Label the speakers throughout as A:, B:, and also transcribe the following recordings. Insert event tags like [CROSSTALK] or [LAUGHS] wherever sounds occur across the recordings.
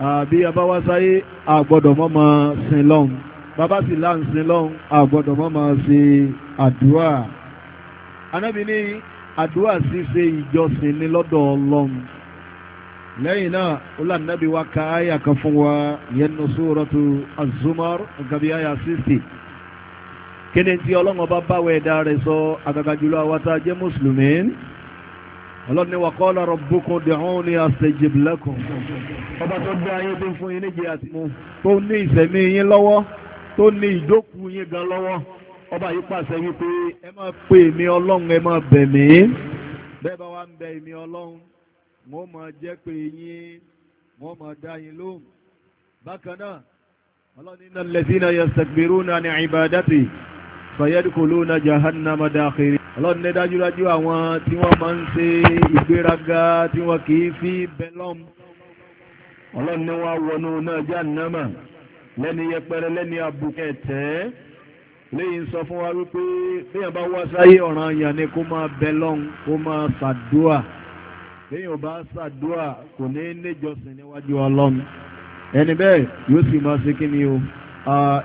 A: Ah, bí a bá wá sáyé àgbọ́dọ̀ mọ́ máa sin lọ́hùn bàbá sì là ń sin lọ́hùn àgbọ́dọ̀ mọ́ máa ṣe àdúrà anábì ní àdúrà ṣíṣe ìjọsìn ní lọ́dọ̀ ọlọ́run lẹ́yìn náà olànàbí wa ka àyà kan fún wa yẹnu suratu az-zumar nǹkan bí àyà 60 kí ni tí ọlọ́run ọba báwọ̀ ẹ̀dá rẹ̀ sọ àgàgà jùlọ àwọn tá a jẹ́ mùsùlùmí ọlọ́ni wa qala rabbukum ud'uni astajib lakum ọba tó dá ayé tó ń fún yín níjẹ àti mú tó ní ìsẹ̀mí yín lọ́wọ́ tó ní ìdókù yín gan lọ́wọ́ ọba yìí pàṣẹ wípé ẹ máa pè mí ọlọ́run ẹ máa bẹ̀ mí bẹ́ẹ̀ bá wá ń bẹ èmi ọlọ́run mo máa jẹ́ pé yín mo máa dá yín lóhùn bákan náà ọlọ́ni innal ladhina yastakbiruna an ibadati fayẹ́dìkòlónà jahannama dákiri ọlọ́run ní dájúdájú àwọn tí wọ́n máa ń ṣe ìgbéraga tí wọ́n kì í fi bẹ́lọ́m ọlọ́run ní wọ́n wọnú náà jahannama lẹ́ni yẹpẹrẹ lẹ́ni àbùkù ẹ̀tẹ́ léyìn sọ fún wa wípé léyìn bá wá sáyé ọ̀ràn yàn ni kó máa bẹ́lọ́m kó máa ṣàdúà léyìn bá ṣàdúà kò ní níjọsìn níwájú ọlọ́run ẹni bẹ́ẹ̀ yóò sì máa ṣe kí ni o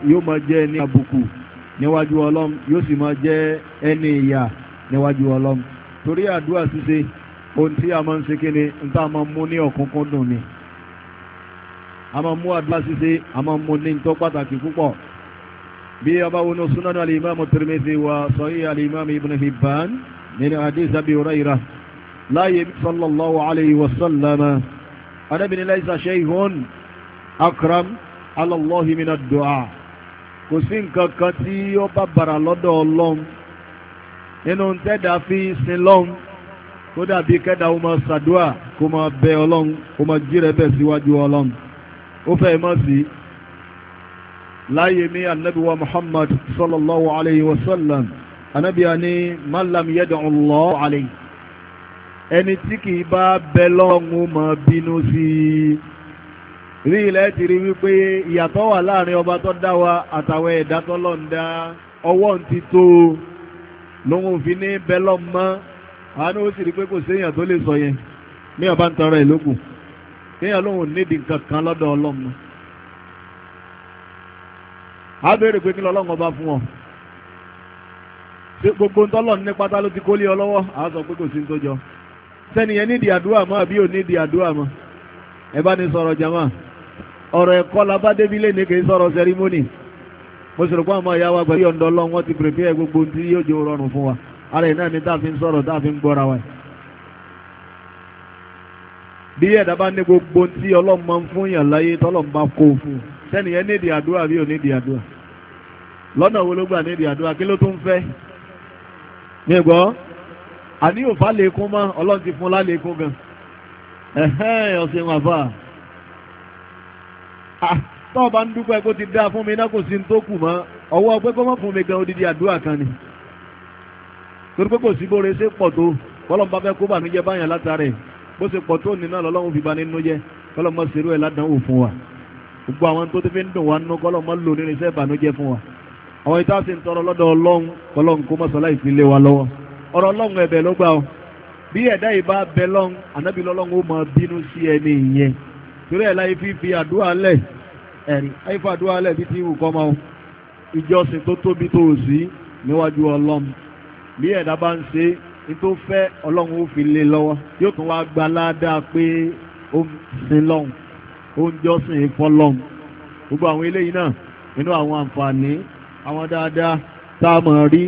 A: yóò máa jẹ́ ní àbùkù níwájú ọlọ́m yóò sì máa jẹ́ ẹni ìyà níwájú ọlọ́m torí àdúrà ṣíṣe ohun tí a máa ń ṣe kí ni n tá a máa mú ní ọ̀kúnkún dùn ni a máa mú àdúrà ṣíṣe a máa mú ní tó pàtàkì púpọ̀ bí a bá wọnú súnánú alìmọ́mù Tirmidhi wa sahih alìmọ́mù Ibn Hibban nínú hadith Abi Rayra. láàyè sallallahu alayhi wa sallama anábìnrin laysa shay'un akram ala Allahi min ad-du'a kò sí nǹkan kan tí ó bá bàrà lọ́dọ̀ ọlọ́run nínú tẹ́dà fi sin lọ́run kó dàbí kẹ́dà ó máa ṣàdúà kó máa bẹ ọlọ́run kó máa jírẹ̀ bẹ̀ síwájú ọlọ́run ó fẹ́ mọ̀ sí láyé mi anabi wa muhammad sallallahu alayhi wa sallam anabi ani malam yadu allah alayhi ẹni tí kì í bá bẹ lọ́run ó máa bínú sí i rí ilẹ̀ ti rí wípé ìyàtọ̀ wà láàrin ọba tó dá wa àtàwọn ẹ̀dá tó lọ́n dá ọwọ́ ń ti tó lóhun fi ní bẹ́lọ́ mọ́ àánú ó sì rí pé kò séèyàn tó lè sọ yẹn ní ọba ń tọrọ ìlókù kéèyàn lóhun nídìí nǹkan kan lọ́dọ̀ ọlọ́mọ a béèrè pé kí lọ́lọ́run ọba fún ọ gbogbo ntọ́lọ̀ ní pátá ló ti kó lé ọ lọ́wọ́ àá sọ pé kò sí ntójọ sẹ́niyẹn nídìí àdúrà mọ́ àbí ò nídìí àdúrà mọ́ ẹ bá ní sọ̀rọ̀ jama. ọ̀rọ̀ ẹ̀kọ́ labá débílé ní kìí sọ̀rọ̀ sẹrímónì mo sì wa pẹ̀lú ọ̀dọ́ ọlọ́run wọ́n ti pèpè gbogbo tí yóò jẹ́ rọrùn fún wa ara ẹ̀ náà ni tá a fi ń sọ̀rọ̀ tá a fi ń gbọ́ra wa. bí ẹ̀dá bá ní gbogbo tí ọlọ́run fún yàn láyé kó fún bí ò lọ́nà wo ló gbà kí ló fẹ́ tọ́ bá ń dúpẹ́ kó ti dáa fún mi náà kò sí tó kù mọ́ ọwọ́ pé kó mọ́ fún mi gan odidi àdúrà kan ni torí pé kò sí bó re ṣe pọ̀ tó bọ́lọ̀ bá fẹ́ kó bà nújẹ́ báyàn látàrí bó ṣe pọ̀ tó nínú ọlọ́run fi ba nínú jẹ́ kọ́lọ̀ mọ́ ṣerú ẹ̀ ládánwò fún wa gbogbo àwọn tó ti fi ń dùn wá nínú kọ́lọ̀ mọ́ lò nínú iṣẹ́ ìbànújẹ́ fún wa àwọn ìta sì ń tọrọ lọ́dọ̀ ọlọ́run kọ́lọ́run kó mọ́sálá ìpínlẹ̀ wa lọ́wọ́ ọ̀rọ̀ ọlọ́run ẹ̀bẹ̀ torí ẹ̀ láyé fífi àdúrà lẹ̀ ẹ̀rí láyé fífi àdúrà lẹ̀ bí ti wù kọ́ máa ìjọsìn tó tóbi tó sí níwájú ọlọ́run bí ẹ̀dá bá ń ṣe ní tó fẹ́ ọlọ́run ó fi lé lọ́wọ́ yóò tún wá gba ládàá pé ó ń sin lọ́hùn ó ń jọ́sìn fọlọ́hùn gbogbo àwọn eléyìí náà nínú àwọn àǹfààní àwọn dáadáa tá a mọ̀ rí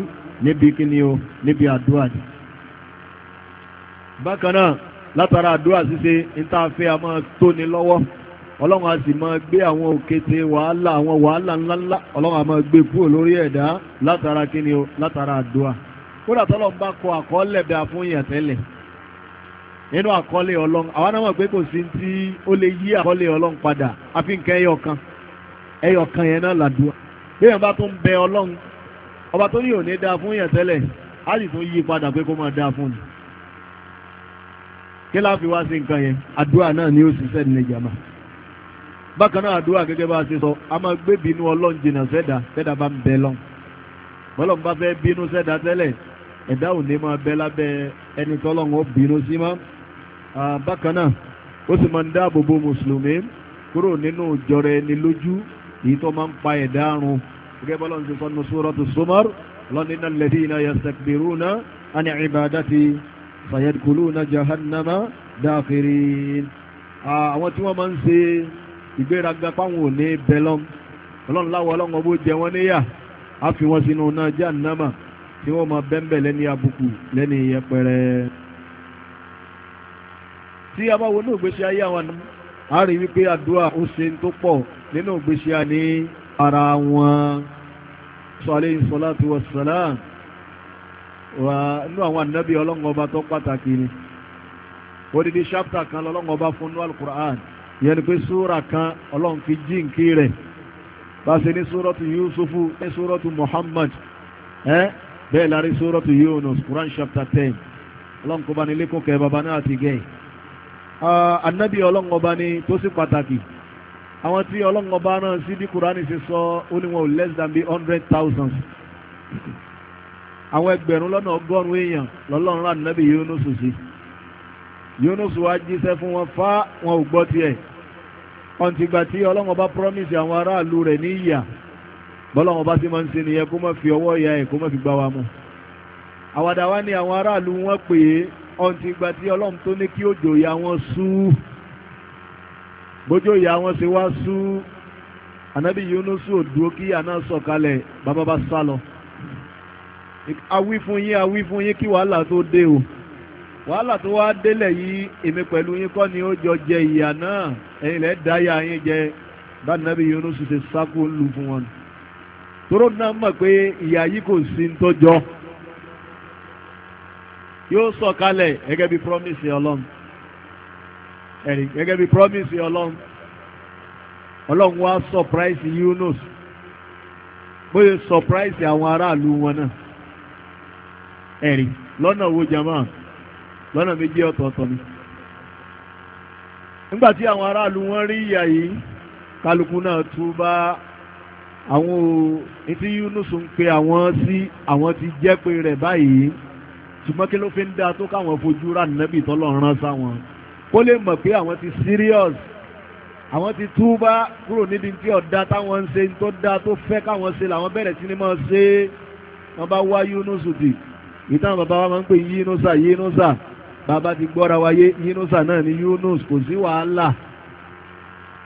A: níbi kíni o níbi àdúrà bákan náà látara àdúrà ṣíṣe ìtafẹ́ a máa tóni lọ́wọ́ ọlọ́run a sì máa gbé àwọn òkété wàhálà àwọn wàhálà ńláńlá ọlọ́run a máa gbé kúrò lórí ẹ̀dá látara kíni o látara àdúrà kódà tọ́lọ́ ń bá kọ àkọọ́lẹ̀ bẹ́ẹ̀ fún yàn tẹ́lẹ̀ nínú àkọọ́lẹ̀ ọlọ́run àwọn náà mọ̀ pé kò sí tí ó lè yí àkọọ́lẹ̀ ọlọ́run padà àfi nǹkan ẹyọ kan ẹyọ kan yẹn náà làdúrà bí yàn bá tún bẹ ọlọ́run ọba tó ní òní dáa fún yàn tẹ́lẹ̀ á sì tún yí padà pé kó máa dáa fún ni kí láàfi wá sí nǹkan yẹn àdúrà náà ni ó ṣiṣẹ́ ní ìjàmà bákan náà àdúrà gẹ́gẹ́ bá a ṣe sọ a máa gbé bínú ọlọ́run jìnnà sẹ́dà sẹ́dà bá ń bẹ lọ́n bọ́lọ̀ bá fẹ́ bínú sẹ́dà tẹ́lẹ̀ ẹ̀dá ò ní máa bẹ lábẹ́ ẹni tọ́lọ́run ó bínú sí mọ́ bákan náà ó sì máa ń dáàbò bo mùsùlùmí kúrò nínú ìjọra ẹni lójú èyí tó máa ń pa ẹ̀dá run gẹ́gẹ́ bọ́lọ̀ ń ṣe sọ́nu Suratu Zumar lọ́nà innal ladhina yastakbiruna an ibadati sayadkuluna jahannama dakhirin àwọn tí wọ́n máa ń ṣe ìgbéraga fáwọn òní bẹlọ́m ọlọ́run láwọ ọlọ́run ọbó jẹ wọ́n níyà á fi wọ́n sínú náà jahannama tí wọ́n máa bẹ́ńbẹ̀ lẹ́ni abùkù lẹ́ni yẹpẹrẹ. tí a bá wo ní ògbésí ayé àwọn a rí wípé àdúrà ó ṣe tó pọ̀ nínú ògbésí ayé ara wọn sọ alayhi salatu wassalam inú àwọn ànábì ọlọ́run ọba tó pàtàkì ni odidi ṣápítà kan lọ́lọ́run ọba fún ní alukur'an ìyẹn ni pé súra kan ọlọ́run fi jí nkí rẹ̀ bá ṣe ní súrọ́tù yusufu ní súrọ́tù muhammad ẹ́ bẹ́ẹ̀ lárí súrọ́tù yunus quran chapter ten ọlọ́run kọba ní lẹ́kọ̀ọ́ kẹ́ baba náà ti gẹ̀ ànábì ọlọ́run ọba ni tó sì pàtàkì àwọn tí ọlọ́run náà sí bí quran ṣe sọ ó ní wọn less than be hundred thousand àwọn ẹgbẹ̀rún lọ́nà ọgọ́rùn-ún èèyàn lọ́lọ́run rán nẹ́bí Yunus sí Yunus wá jíṣẹ́ fún wọn fá wọn ò gbọ́ tiẹ̀ ọ̀ǹtìgbà tí ọlọ́run bá promise àwọn aráàlú rẹ̀ ní ìyà bọ́lọ́run bá sì máa ń ṣe nìyẹn kó má fi ọwọ́ ìyá ẹ̀ kó má fi gbá wa mú àwàdà wa ni àwọn aráàlú wọn pè é ọ̀ǹtìgbà tí ọlọ́run tó ní kí òjò ìyà wọn sú bójó ìyà wọn ṣe wá sú ànábì Yunus ò dúró kí àná sọ̀kalẹ̀ bàbá bá sá lọ awí fún yín awí fún yín kí wàhálà tó dé o wàhálà tó wá délẹ̀ yìí èmi pẹ̀lú yín kọ́ ni ó jọ jẹ ìyà náà ẹ̀yin lẹ́ẹ̀ dáyà yín jẹ báyìí nàbí Yunus ṣe sákò ń lu fún wọn. toró náà mọ̀ pé ìyà yìí kò sí ń tọ́jọ́ yóò sọ kalẹ̀ gẹ́gẹ́ bí promise ọlọ́run ẹ̀rí gẹ́gẹ́ bí promise ọlọ́run ọlọ́run wá surprise Yunus bóyá surprise àwọn aráàlú wọn náà ẹ̀rìn lọ́nà owó jama lọ́nà méjì ọ̀tọ̀ọ̀tọ̀ ni nígbàtí àwọn aráàlú wọn rí ìyà yìí kálukú náà túbá àwọn etí Yunus ń pe àwọn sí àwọn ti jẹ́ pé rẹ̀ báyìí ṣùgbọ́n kí ló fi ń dá tó káwọn fojú rà nẹ́bì tọ́lọ́run rán sáwọn kó lè mọ̀ pé àwọn ti serious àwọn ti túbá kúrò níbi tí ọ̀dá táwọn ń ṣe tó dá tó fẹ́ káwọn ṣe làwọn bẹ̀rẹ̀ sí ni máa ṣe wọ́n bá wá Yunus dì ìtàn bàbá wa máa ń pè yínúsà yínúsà bàbá ti gbọ́ra wa yé yínúsà náà ni Yunus kò sí wàhálà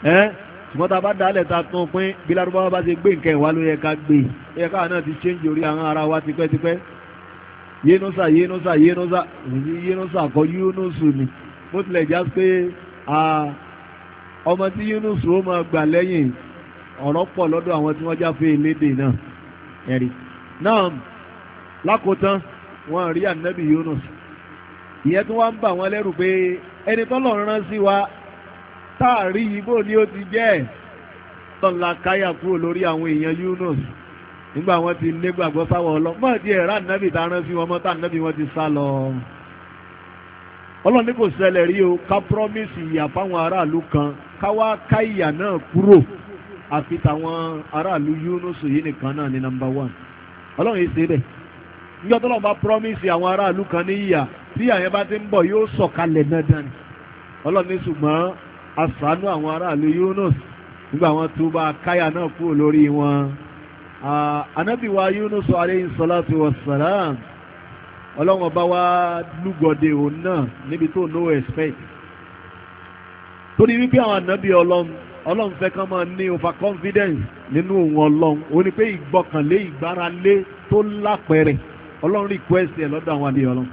A: ẹ́ ṣùgbọ́n tá a bá dálẹ̀ ta tán pín bí lárúbáwá bá ti gbé nǹkan ìwà ló yẹ ká gbé yẹ káà náà ti ṣe ń jorí àwọn ara wa tipẹ́tipẹ́ yínúsà yínúsà yínúsà yínúsà kọ Yunus ni bó tilẹ̀ já pé ọmọ tí Yunus ó máa gbà lẹ́yìn ọ̀rọ̀ pọ̀ lọ́dọ̀ àwọn tí wọ́n jáfe elédè náà ẹ̀rí náà lákòótán wọ́n rí ànábì Yunus ìyẹn tí wọ́n ń bà wọ́n lẹ́rù pé ẹni tọ́lọ́run rán sí wa táàrí ibo ni ó ti jẹ́ tọ́lá káyà kúrò lórí àwọn èèyàn Yunus nígbà wọ́n ti nígbàgbọ́ sáwọ́ ọlọ́ mọ́ ti ẹ̀rá ànábì tá rán sí wọn mọ́ tá ànábì wọn ti sá lọ ọlọ́run ní kò ṣẹlẹ̀ rí o ká promise ìyà fáwọn aráàlú kan ká wá ká ìyà náà kúrò àfi tàwọn aráàlú Yunus yìí nìkan náà ní number one ọlọ́run yìí ṣe bẹ́ẹ̀ níjọ́ tọ́lọ́run bá promise àwọn aráàlú kan ní ìyà tí àyẹn bá ti ń bọ̀ yóò sọ̀kalẹ̀ dandan ni ọlọ́run ní ṣùgbọ́n aṣàánú àwọn aráàlú Yunus nígbà wọn tó bá káyà náà kúrò lórí wọn anábìwá Yunus alayhi salatu wassalam ọlọ́run ọba wa lúgọ̀dẹ̀ òun náà níbi tó no expect torí wípé àwọn ànábì ọlọ́run ọlọ́run fẹ́ kán máa ní over confidence nínú òun ọlọ́run ó ní pé ìgbọ́kànlé ìgbáralé tó lápẹẹrẹ ọlọ́run request ẹ̀ lọ́dọ̀ àwọn àbí ọlọ́run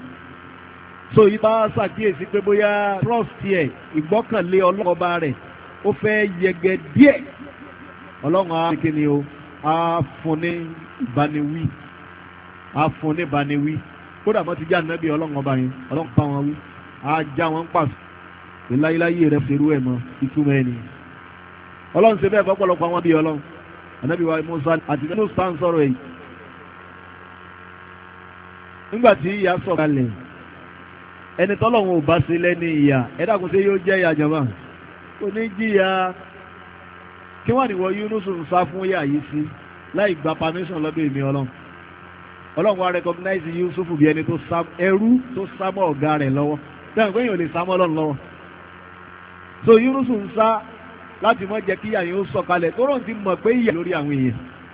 A: so yìí bá ṣàkíyèsí pé bóyá trust ẹ̀ ìgbọ́kànlé ọlọ́run ọba rẹ̀ ó fẹ́ yẹgẹ díẹ̀ ọlọ́run á kí ni o á fún ní ìbániwí á fún ní ìbániwí kódà mọ́ ti já nábì ọlọ́run ọba yẹn ọlọ́run pa wọn wí á já wọn pàṣẹ ìláyíláyé rẹ̀ ṣerú ẹ̀ mọ́ ìtumọ̀ ẹ̀ nìyẹn ọlọ́run ṣe bẹ́ẹ̀ fọ́pọ̀lọpọ̀ àwọn àbí ọlọ́run ànábì wa Musa àti nínú sáà ń sọ̀rọ̀ yìí nígbà tí ìyà kalẹ̀ ẹni tọ́lọ́run ò bá lẹ́ni ìyà ẹ̀dá yóò jẹ́ ìyà jọba kò ní jìyà kí wọ́n ní wọ Yunus ń sá fún ìyà yìí sí láì gba permission lọ́dọ̀ èmi ọlọ́run ọlọ́run wa recognize Yusuf bí ẹni tó sá ẹrú tó sá mọ́ ọ̀gá rẹ̀ lọ́wọ́ bẹ́ẹ̀ pé lè sá mọ́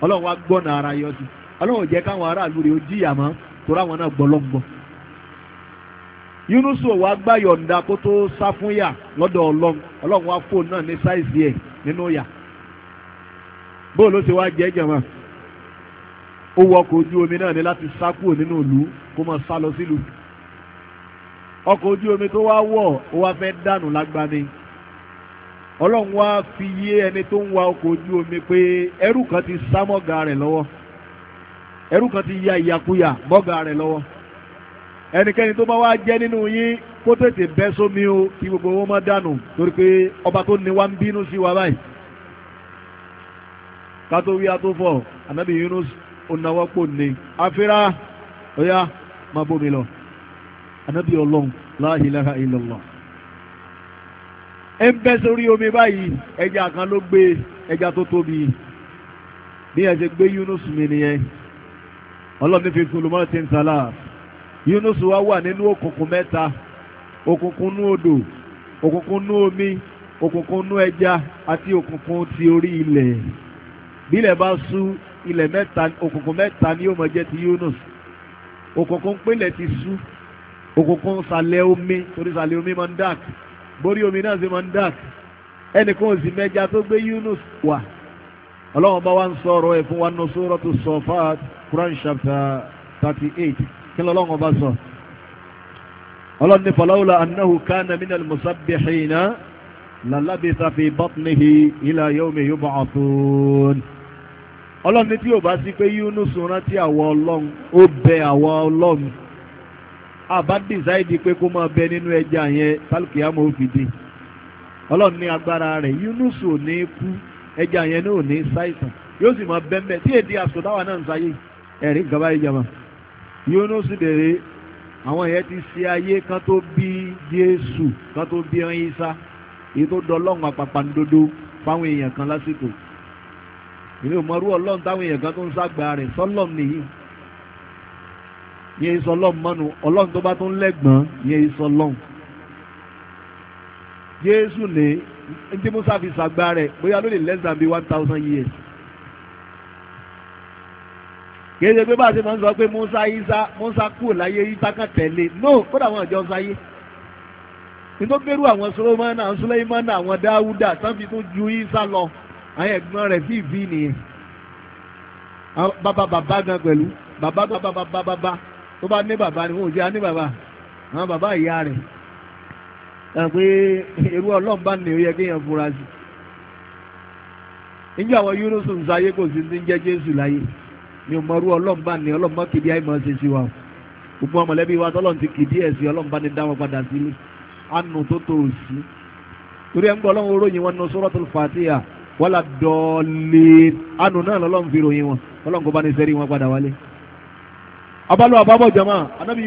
A: ọlọ́run ara yọ sí ọlọ́run jẹ́ káwọn aráàlú rẹ̀ ó jìyà torí àwọn náà gbọ́ Yunusu wa gbá yọ̀ǹda kó tó sá fún yà lọ́dọ̀ ọlọ́run ọlọ́run wa fóònù náà ní sáìsì ẹ̀ nínú yà bóòlù ó ti wá jẹ́ jẹ̀mọ́ ó wọ ọkọ̀ ojú omi náà ní láti sá kúrò nínú ìlú kó máa sá lọ sílùú ọkọ̀ ojú omi tó wá wọ̀ ó wá fẹ́ dànù lágbani ọlọ́run wa fi yé ẹni tó ń wa ọkọ̀ ojú omi pé ẹrú kan ti sá mọ́gà rẹ̀ lọ́wọ́ ẹrú kan ti ya ìyàkuyà bọ́gà rẹ̀ lọ́wọ́ ẹnikẹ́ni tó bá wá jẹ́ nínú yín kó tètè bẹ́ sómi o kí gbogbo wọn má dànù ọba tó ní wa ń wa báyìí kátó wí fọ anabi Yunus onáwọ́pò ní afira ọ̀yá máa bómi lọ ànábì ọlọ́run la ilaha illallah ẹ ń sórí omi báyìí ẹja kan ló gbé ẹja tó tóbi bí ẹ Yunus mi ọlọ́ni fi sùlùmọ́ ti ń sàlá Yunus wa wà nínú òkùnkùn mẹ́ta òkùnkùn nú odò òkùnkùn nú omi òkùnkùn nú ẹja àti òkùnkùn ti orí ilẹ̀ bílẹ̀ bá sú ilẹ̀ mẹ́ta òkùnkùn mẹ́ta ni yóò máa jẹ́ ti Yunus òkùnkùn pínlẹ̀ ti sú òkùnkùn sàlẹ̀ omi torí sàlẹ̀ omi máa ń dàk borí omi náà sì máa ń dàk ẹnìkan ò sì mẹ́ja tó gbé Yunus wà ọlọ́run bá wa ń sọ̀rọ̀ ẹ̀ fún wa nù sórọ́tù sọ̀fáàtì. Quran chapter 38 eight kí lọ́lọ́run ọba sọ ọlọ́run ní falawla annahu kana minal musabbihina lalabisa fi batnihi ila yawmi yub'athun ọlọ́run ní tí ò bá sí pé Yunus rántí àwọ̀ ọlọ́run ó bẹ àwọ̀ ọlọ́run àbá dìsáìdì pé kó máa bẹ nínú ẹja yẹn tálùkìyàmọ́ òfìdí ọlọ́run ní agbára rẹ̀ Yunus ò ní kú ẹja yẹn ní ò ní yóò sì máa bẹ́ẹ̀ bẹ́ẹ̀ tí èdè àsọdáwà náà ń sáyé yìí ẹ̀rí gaba ìjàmà Yúnúsù dèrè àwọn èèyàn ti ṣe ayé kan tó bí Jésù kan tó bí ẹran Ìsá èyí tó dọlọ́run àpàpàǹdodo fáwọn èèyàn kan lásìkò ìlú ìmọ̀rú ọlọ́run táwọn èèyàn kan tó ń ságbà rẹ̀ sọ́lọ́m nìyí yẹn ìsọlọ́m mọ́nu ọlọ́run tó bá tó ń lẹ́gbọ̀n yẹn ìsọlọ́m Jésù ní ní Musa fi ságbà rẹ̀ bóyá ló lè less than bí one thousand years kìí ṣe pé bá a ṣe máa ń sọ pé Musa Isa Musa kú láyé Isa kan tẹ̀lé no kódà wọn àjọ sáyé nítorí pẹ̀lú àwọn Solomana Suleimana àwọn Dáúdà sanfi tó ju Isa lọ àwọn ẹ̀gbọ́n rẹ̀ fífi nìyẹn bàbá bàbá gan pẹ̀lú bàbá bàbá bàbá bàbá tó bá ní bàbá ni wọn ò jẹ́ àní bàbá àwọn bàbá ìyá rẹ̀ ẹ̀ pé irú ọlọ́mbà ni ó yẹ kéèyàn fura sí níjọ́ àwọn Yunus sáyé kò sí ní jẹ́ Jésù láyé mi ò mọrú ọlọ́mbà ni ọlọ́mbà kìdí àìmọ̀ ṣe sí wa o gbogbo ọmọlẹ́bí wa tọ́lọ́n ti kìdí ẹ̀ sí ọlọ́mbà ni dá wọn padà sílé àánú tó tó o sí torí ẹ̀ ń gbọ́ ọlọ́run ròyìn wọn nù Suratul Fatiha wọ́lá dọ́ọ̀lì àánú náà lọ́lọ́run fi ròyìn wọn ọlọ́run kò bá ní sẹ́rí wọn padà wálé. abalo ababo jama anabi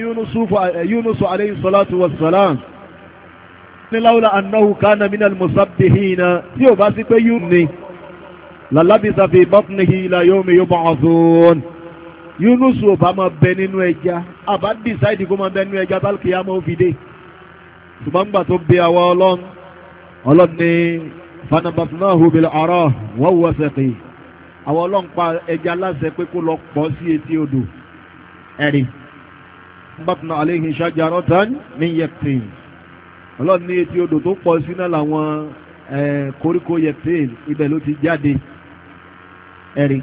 A: Yunus alayhi salatu wa salam ní láwùlà annahu lalabisa fi batnihi ila yawmi yub'athun Yunus ò bá máa bẹ nínú ẹja àbá dísáìdì kó máa bẹ nínú ẹja tálkì yá máa fi dé ṣùgbọ́n gbà tó bí àwa ọlọ́run ọlọ́run ní fanabatnahu bil ara wa huwa saqi àwa ọlọ́run pa ẹja láṣẹ pé kó lọ pọ̀ sí etí odò ẹ̀rí batna alayhi shajaratan min yaqtin ọlọ́run ní etí odò tó pọ̀ sí náà làwọn koríko yaqtin ibẹ̀ ló ti jáde ẹ̀rí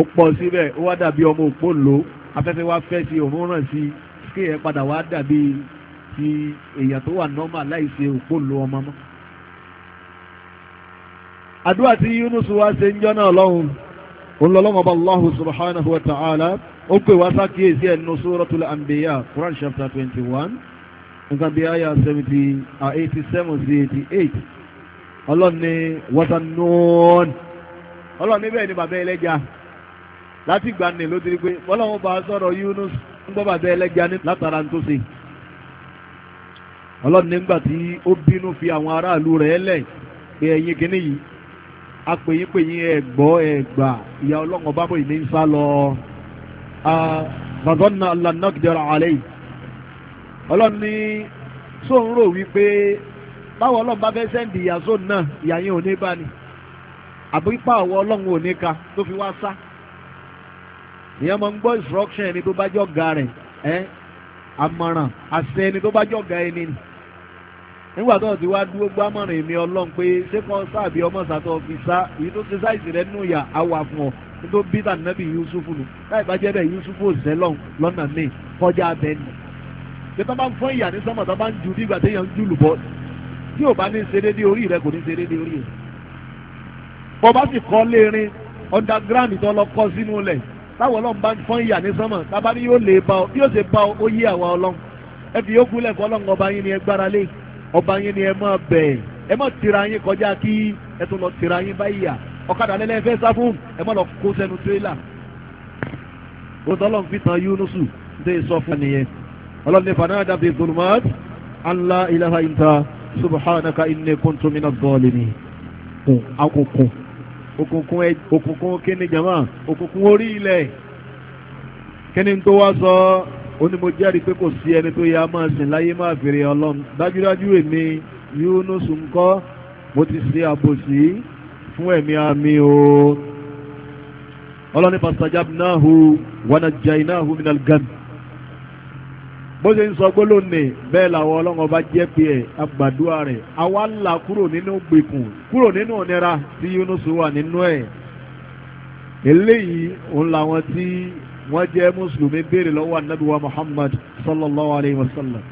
A: ó pọ̀ síbẹ̀ ó wá dàbí ọmọ òpó lò afẹ́fẹ́ wá fẹ́ sí òun ràn sí kí ẹ padà wá dàbí ti èèyàn tó wà nọ́mà láì ṣe òpó lò ọmọ mọ́. àdúrà tí Yunus wá ṣe ń jọ́nà ọlọ́run òun lọ́lọ́mọ bá Allahu subhanahu wa ta'ala ó pè wá sákìyèsí ẹnu suratul anbiya Quran chapter twenty one nǹkan bíi àyà seventy uh, eighty seven sí eighty eight ọlọ́run ní wọ́tà nùún ọlọ́run níbẹ̀ ni bàbá ẹlẹ́ja láti gbà ní ló dirí pé ọlọ́run bá sọ̀rọ̀ Yunus ń gbọ́ bàbá ẹlẹ́ja látara ń tó ṣe ọlọ́run nígbà tí ó bínú fi àwọn aráàlú rẹ̀ lẹ̀ pé ẹ̀yin kìíní yìí apèyí pèyí ẹ̀gbọ́ ẹ̀gbà ìyá ọlọ́run ọba bòyí ní sá lọ fàzọ́nà alanagidara alẹ́ ọlọ́run ní sóun rò wípé báwo ọlọ́run bá fẹ́ sẹ́ǹdì ìyá sóun náà ìyá yẹn ò ní bá ni àbípa ọ̀wọ́ ọlọ́run ò ní ka tó fi wá sá ìyẹn mo ń gbọ́ instruction ẹni tó bá jọ ga rẹ̀ ẹ́ àmọ̀ràn àṣẹ ẹni tó bá jọ ga ẹni nì nígbà tó ti wá dúró gbámọ̀ràn èmi ọlọ́run pé ṣé kan sáàbí ọmọ sàtọ̀ fi sá èyí tó ṣe sáìsì rẹ̀ nù yà á wà fún ọ tó bí tànàbí Yusufu nù láì bá jẹ́ bẹ́ẹ̀ Yusufu òṣìṣẹ́ lọ́n lọ́nà míì kọjá abẹ́ nì bí tó bá ń fọ́ ìyà ní sọ́mọ̀ tó bá ń ju bí ìgbà téèyàn ń jùlù bọ́ tí ò bá ní ṣe déédéé orí rẹ kò ní ṣe déédéé orí rẹ bọ́ bá sì kọ́ léerin underground tó lọ kọ́ sínú lẹ̀ táwọn ọlọ́run bá ń fọ́n ìyà ní sánmọ̀ tábà ní yóò lè bá ọ bí yóò ṣe bá ọ ó yé àwa ọlọ́run ẹ fi yókù lẹ̀ fọ́ ọlọ́run ọba yín ni ẹ gbára lé ọba yín ni ẹ máa bẹ̀ ẹ má tira yín kọjá kí ẹ tún lọ tira yín bá ìyà ọ̀kadà lẹ́lẹ́ fẹ́ sá fún ẹ má lọ kó sẹ́nu tírélà ọlọ́run fi tan Yunusu dé sọ fún ẹnìyẹn ọlọ́run ní fanáà dàbí zulumat allah ilaha inta subhanaka inni kuntu minaz zalimin akókò òkùnkùn òkùnkùn kíni jama òkùnkùn orí ilẹ̀ kíni tó wá sọ onímọ̀jáde pé kò sí ẹni tó yẹ a máa sìn láyé máa fèrè ọlọ́run dájúdájú èmi Yunus ńkọ́ mo ti ṣe àbòsí fún ẹ̀mí àmì o ọlọ́ni fastajabnahu wa najjaynahu minal gam bó ṣe ń sọ gbólóhùn ní bẹ́ẹ̀ làwọn ọlọ́run ọba jẹ́ pé ẹ̀ agbàdúrà rẹ̀ àwa là kúrò nínú gbèkùn kúrò nínú ìnira tí Yunus wà nínú ẹ̀ eléyìí òun làwọn tí wọ́n jẹ́ mùsùlùmí béèrè lọ́wọ́ ànábì wa Muhammad sallallahu alayhi wa sallam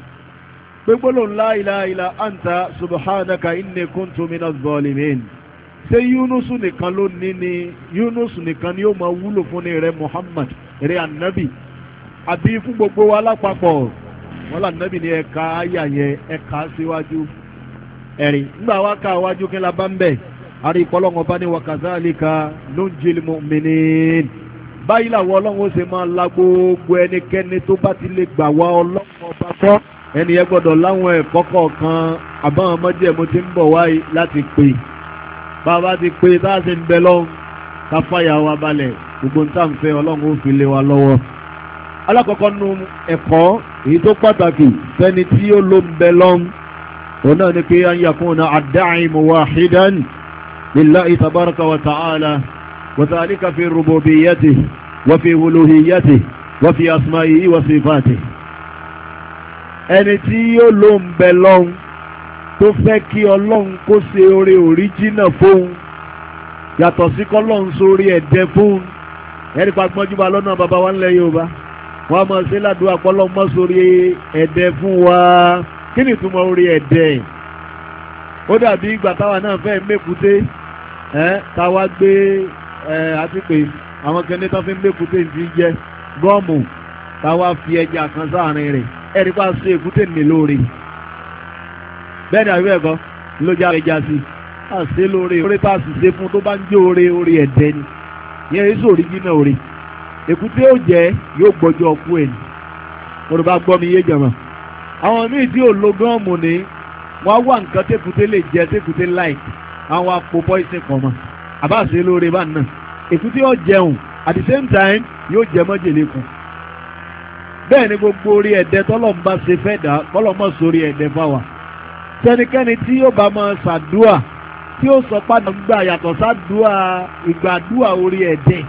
A: pé gbólóhùn la ilaha anta subhanaka inni kuntu minaz zalimin ṣé Yunus nìkan ló ní ni Yunus nìkan ni ó máa wúlò fún ni rẹ Muhammad rẹ ànábì àbí fún gbogbo wa lápapọ̀ wọn là nàbì ní ẹ̀ka àyà yẹn ẹ̀ka síwájú ẹ̀rìn nígbà wá ká iwájú kí n la bá ń bẹ̀ àrí ìpọ́lọ́wọ́n bá ní wa kazalika nunjil mu'minin báyìí làwọn ọlọ́run ó ṣe máa la gbogbo ẹnikẹ́ni tó bá ti lè gbà wá ọlọ́run ọba tọ́ ẹni yẹn gbọ́dọ̀ láwọn ẹ̀kọ́ kọ̀ọ̀kan àbáwọn ọmọdé ẹ̀mú ti ń bọ̀ wáyé láti pè bàbá ti pè tá a ṣe ń bẹ lọ́hùn ká fàyà wa balẹ̀ gbogbo ń tà ń fẹ́ fi lé wa lọ́wọ́. alákọ̀ọ́kọ́ nu ẹ̀kọ́ èyí tó pàtàkì fẹ́ni tí ó ló ń bẹ lọ́n òun náà ni pé an yakuna ad-da'imu wahidan lillahi tabaraka wa ta'ala wa dhalika fi rububiyyatihi wa fi uluhiyyatihi wa fi asma'ihi wa sifatihi ẹni tí yóò ló ń bẹ lọ́n tó fẹ́ kí ọlọ́run kó ṣe oore òríjínà fóun yàtọ̀ sí kọ́lọ́run sórí ẹ̀dẹ́ fóun ẹ̀rí pa gbọ́njú lọ́nà bàbá wa ńlẹ̀ Yorùbá wọ́n mọ̀ sí ládùúgbò àpọ́lọ́ mọ́ sórí ẹ̀dẹ̀ fún wa kí ni ìtumọ̀ orí ẹ̀dẹ̀ ó dàbí ìgbà táwa náà fẹ́ mẹ́kúté táwa gbé àti pé àwọn kẹ́ni tó fi mẹ́kúté ti jẹ gọ́ọ̀mù táwa fi ẹja kan sáàrin rẹ̀ ẹ̀rí bá ṣe èkúté mi lóore bẹ́ẹ̀ ni àbí ẹ̀kọ́ ló já ẹja sí àṣẹ lóore orí tá a sì ṣe fún tó bá ń jó orí ẹ̀dẹ̀ ni yẹn èso òrìjínà oore èkúté ó jẹ́ yóò gbọ́jọ́ fún èyí olùbá gbọ́ mi yé jàmọ́ àwọn míì tí ò lo gọ́ọ̀mù ni wọ́n wá nǹkan tẹ́kùté lè jẹ tẹ́kùté láìkì àwọn àpò pọ́ìsì kan mọ́ àbáṣe lóore bá nà èkúté ó at the same time yóò jẹ mọ́jèlé kan bẹ́ẹ̀ ni gbogbo orí ẹ̀dẹ́ tọ́lọ́mùbá ṣe fẹ́ dà kọ́lọ́mọ̀ sórí ẹ̀dẹ́ fáwa sẹ́nikẹ́ni tí yóò bá máa ṣàdúà tí yóò sọ padà gbà yàtọ̀ sádùà ìgbàdùà orí ẹ̀dẹ́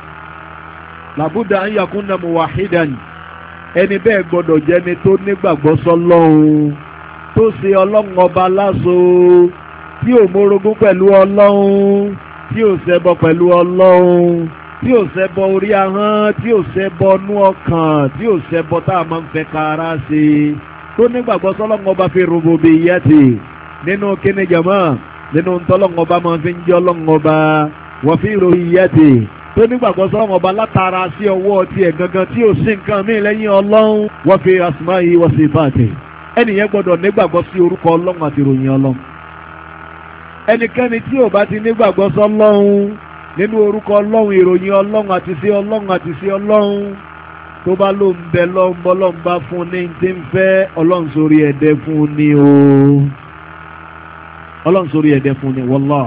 A: làbúdà ń yàkún nà mú wàhídàn ẹni bẹ́ẹ̀ gbọ́dọ̀ jẹ́ni tó nígbàgbọ́ sọ́lọ́hún tó ṣe ọlọ́run ọba láṣọ tí ò mórogún pẹ̀lú ọlọ́run tí ò ṣẹbọ pẹ̀lú ọlọ́run tí ò ṣẹbọ orí ahọ́n tí ò ṣẹbọ nú ọkàn tí ò ṣẹbọ tá a máa ń fẹ́ kára ṣe tó nígbàgbọ́ sọ́lọ́run ọba fi rúbọ bí iyẹ́ tì nínú kíni jàmọ́ nínú ntọ́lọ́run ọba máa fi ń jẹ́ ọlọ́run ọba wọ́n fi ròyìn iyẹ́ tì tó nígbàgbọ́ sọ́lọ́run ọba látara sí ọwọ́ tiẹ̀ gangan tí ò sí nǹkan míì lẹ́yìn ọlọ́run wọ́n fi asùnmọ́ yìí wọ́n sì bá àtẹ̀ ẹnìyẹn gbọ́dọ̀ nígbàgbọ́ sí orúkọ ọlọ́run àti ìròyìn ọlọ́run ẹnikẹ́ni tí ò bá ti nígbàgbọ́ sọ́lọ́run nínú orúkọ ọlọ́run ìròyìn ọlọ́run àti sí ọlọ́run àti sí ọlọ́run tó bá ló ń bẹ lọ́nbọ́ lọ́nbá fún ní ti ń fẹ́ ọlọ́run sórí ẹ̀dẹ́ fún ni o ọlọ́run sórí ẹ̀dẹ́ fún ni wọ́lá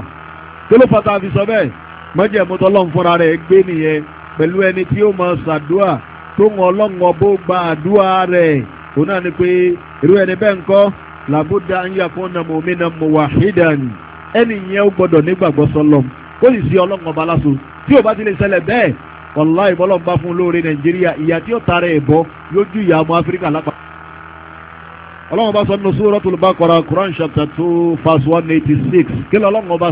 A: tó mọ́jẹ̀mú tọ́lọ́run fúnra rẹ̀ gbé nìyẹn pẹ̀lú ẹni tí ó máa ṣàdúà tó ń ọlọ́run ọbó gba àdúà rẹ̀ òun náà ni pé irú ẹni bẹ́ẹ̀ ń kọ́ làbúdà ń yà fún nàmú mi nàmú wàhídàn ẹni yẹn ó gbọ́dọ̀ nígbàgbọ́ sọlọ́m ó sì sí ọlọ́run ọba láṣọ tí ò bá ti lè ṣẹlẹ̀ bẹ́ẹ̀ ọ̀la ìbọ́lọ̀ bá fún lóore nàìjíríà ìyá tí ó tara ẹ̀ bọ́ yóò ju ìyá ọmọ áfíríkà lápá. ọlọ́run ọba sọ nínú Suratul Baqara Quran chapter two verse one eighty six kí lọ́lọ́run ọba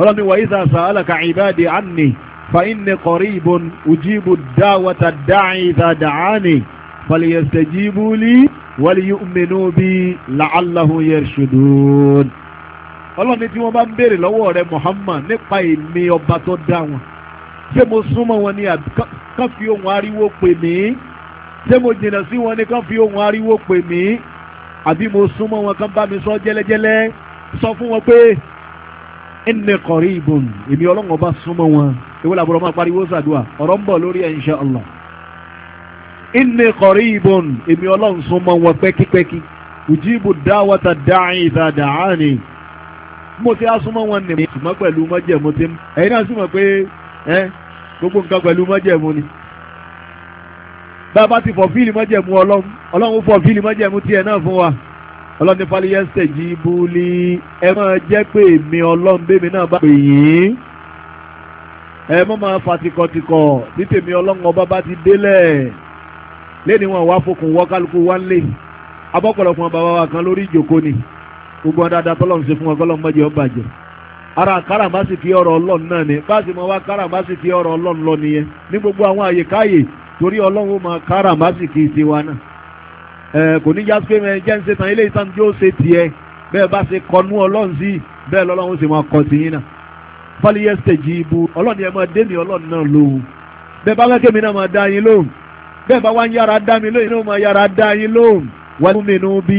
A: ọlọ́ni wà ìzà sàálàkà ìbáàdì àní fa inni qaribun ujibu dáwàtà dáì ìzà dàáni fàlìyàstẹ̀jìbú lí wàlìyùmínú bí làálàhùn yarshudun ọlọ́ni tí wọ́n bá ń béèrè lọ́wọ́ rẹ Muhammad nípa èmi ọba tó dá wọn ṣé mo súnmọ́ wọn ni kán fi ohun ariwo pè mí ṣé mo jìnnà sí wọn ni kán fi ohun ariwo pè mí àbí mo súnmọ́ wọn kán bá mi sọ jẹ́lẹ́jẹ́lẹ́ sọ fún wọn pé inni qaribun èmi ọlọ́run ọba súnmọ́ wọn ewé làbúrò máa pariwo sàdúà ọ̀rọ̀ ń bọ̀ lórí ẹ̀ insha Allah inni qaribun èmi ọlọ́run súnmọ́ wọn pẹ́kípẹ́kí ujibu dáwọ́ta dáhìn ìdàdà áàní mo ti á súnmọ́ wọn nìyẹn ṣùgbọ́n pẹ̀lú mọ́jẹ̀mú ti mú ẹ̀yin náà sì pé ẹ gbogbo nǹkan pẹ̀lú mọ́jẹ̀mú ni bá a bá ti fọ̀ fíìlì mọ́jẹ̀mú ọlọ́run ọlọ́run fọ̀ fíìlì mọ́jẹ̀mú tiẹ̀ náà fún wa ọlọ́ni fàlíyẹ́sẹ̀ jí búlí ẹ máa jẹ́ pé èmi ọlọ́run bẹ́mi náà bá pè yín ẹ mọ́ máa fa tìkọ̀tìkọ̀ tí tèmi ọlọ́run ọba bá ti délẹ̀ lẹ́ni wọn wá fokùn wọ́ kálukú wá ń lè bàbá wa kan lórí ìjòkó ni gbogbo wọn dáadáa tọ́lọ́run ṣe fún wọn kọ́lọ́run mọ́jọ bàjẹ́ ara káràmásìkì ọ̀rọ̀ ọlọ́run náà ni bá a sì mọ wá káràmásìkì ọ̀rọ̀ ọlọ́run lọ nìyẹn ní gbogbo àwọn àyèkáyè torí ọlọ́run ó máa káràmásìkì tiwa náà kò ní já pé jẹ́ ń ṣe tán ilé ìtàn tí ó ṣe tiẹ̀ bẹ́ẹ̀ bá ṣe kọnú ọlọ́run sí bẹ́ẹ̀ lọ́lọ́run sì máa kọ sí yín náà fọlíyẹ́ stage ibu ọlọ́run yẹn máa dé ní ọlọ́run náà lóhùn bẹ́ẹ̀ bá kẹ́kẹ́ mi náà máa dá yín lóhùn bẹ́ẹ̀ bá wá ń yára dá mi lóhùn náà máa yára dá yín lóhùn wọ́n mú mi nú bí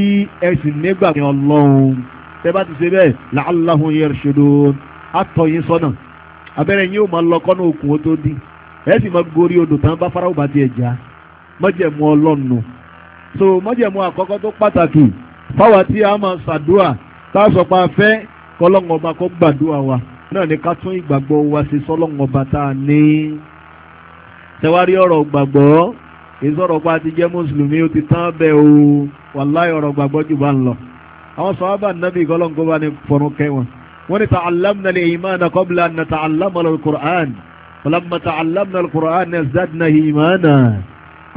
A: ẹ̀sìn nígbà mi ọlọ́run tẹ́ bá ti ṣe bẹ́ẹ̀ làálàhùn yarshudun àtọ̀ yín sọ́nà abẹ́rẹ́ yín ò máa lọ kọ́nà òkun ó tó dín ẹ̀ máa gorí odò tán bá faraó so mọ́jẹ̀mú àkọ́kọ́ tó pàtàkì fáwa tí a máa ṣàdúà tá a sọ pé a fẹ́ kọ́lọ́ngàn ọba kó gbàdúà wa náà ni ká tún ìgbàgbọ́ wa sí sọ́lọ́ngàn ọba tá a ní. tẹwárí ọ̀rọ̀ gbàgbọ́ ìsọ̀rọ̀ pa ti jẹ́ mùsùlùmí ó ti tán bẹ́ẹ̀ o wàláì ọ̀rọ̀ gbàgbọ́ jù bá ń lọ. àwọn sọ̀hábà nàbì kọ́lọ́ngàn ọba ni fọ̀rùn kẹwọn wọ́n ní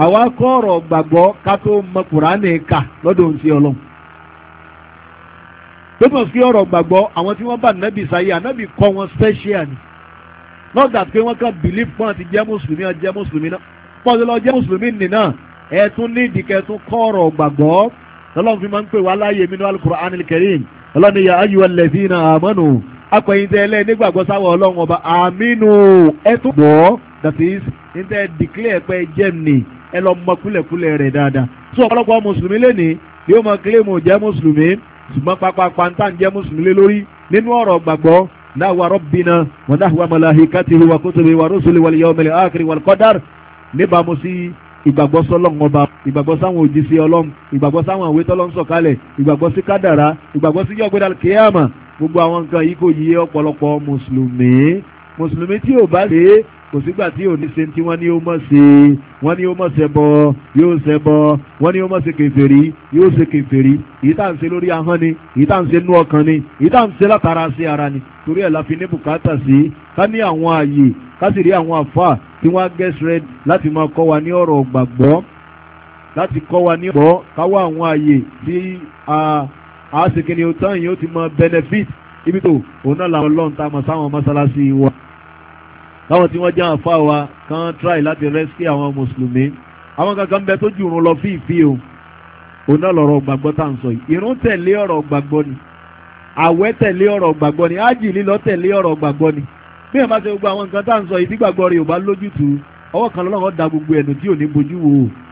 A: àwa kọ́ ọ̀rọ̀ gbàgbọ́ ká tó mọ kùránì kà lọ́dọ̀ ń ṣe ọlọ́run pépọ̀ sí ọ̀rọ̀ gbàgbọ́ àwọn tí wọ́n bá nábì sáyé ànábì kọ́ wọn special ni not that pé wọ́n kàn believe pọ́n ti jẹ́ mùsùlùmí ọ jẹ́ mùsùlùmí náà pọ́n ti lọ jẹ́ mùsùlùmí nìna ẹ tún ní ìdíkẹ́ tún kọ́ ọ̀rọ̀ gbàgbọ́ lọ́lọ́run fi máa ń pè wá láàyè mi ní al-Qur'an al-Karim ọlọ́ni ya ayyuhal ladhina amanu akọ̀yìntẹ́ ẹlẹ́ nígbàgbọ́ sáwọ́ ọlọ́run ọba àmínú ẹ tún gbọ́ that is ní tẹ́ declare pé jẹ́ ẹ lọ mọ kúlẹ̀kúlẹ̀ rẹ̀ dáadáa tó ọ̀pọ̀lọpọ̀ mùsùlùmí lénìí yóò mọ kílèmù jẹ́ mùsùlùmí ṣùgbọ́n pápápá ń tàn jẹ́ mùsùlùmí lé lórí nínú ọ̀rọ̀ gbàgbọ́ náwa rọ́bìnà wọn náwa mọ̀láhìkátìhì wà kótóbi wà rọ́sùlẹ̀ wà lẹ́yìn ọmọlẹ̀ ákìrì wà kọ́dàr níbàámu sí ìgbàgbọ́ sọ́lọ́n ọba ìgbàgbọ́ sáwọn òjíṣẹ́ ọlọ́run ìgbàgbọ́ sáwọn àwé tọ́lọ́n sọ̀kalẹ̀ ìgbàgbọ́ sí kádàrá ìgbàgbọ́ sí yọ̀gbẹ́dà kéèyàmà gbogbo àwọn nǹkan yìí kò yí ọ̀pọ̀lọpọ̀ mùsùlùmí mùsùlùmí tí ò bá rèé kò sígbà tí ò ní ṣe tí wọ́n ní ó mọ̀ ṣe wọ́n ní ó mọ̀ ṣe bọ́ yóò ṣe bọ́ wọ́n ní ó mọ̀ ṣe kèfèrí yóò ṣe kèfèrí èyí tá à ń lórí ahọ́n ni èyí tá à ń nú ọkàn ni èyí tá à ń látara ṣe ara ni torí ẹ̀ la fi ní bùkátà sí ká ní àwọn àyè ká sì rí àwọn àfáà tí wọ́n á gẹ́sì rẹ láti máa kọ́ wa ní ọ̀rọ̀ gbàgbọ́ láti kọ́ wa ní ọ̀gbọ́ ká wá àwọn àyè tí a ṣèkìnnìyàn tán yìí ó ti mọ benefit ibi tó òun náà làwọn ọlọ́run tá a mọ̀ sáwọn mọ́sálásí wa káwọn tí wọ́n jẹ́ àǹfà wa kan try láti rescue àwọn mùsùlùmí àwọn kankan bẹ tó jùrún lọ fífi o òun náà lọ̀rọ̀ gbàgbọ́ tá à ń sọ yìí irun tẹ̀lé ọ̀rọ̀ gbàgbọ́ ni àwẹ̀ tẹ̀lé ọ̀rọ̀ gbàgbọ́ ni ájì lílọ tẹ̀lé ọ̀rọ̀ gbàgbọ́ ni bí wọn bá ṣe gbogbo àwọn nǹkan tá à ń sọ yìí dígbàgbọ́ rẹ̀ ò bá lójútùú ọwọ́ kan lọ́wọ́ da gbogbo ẹ̀nù tí ò ní bojú wo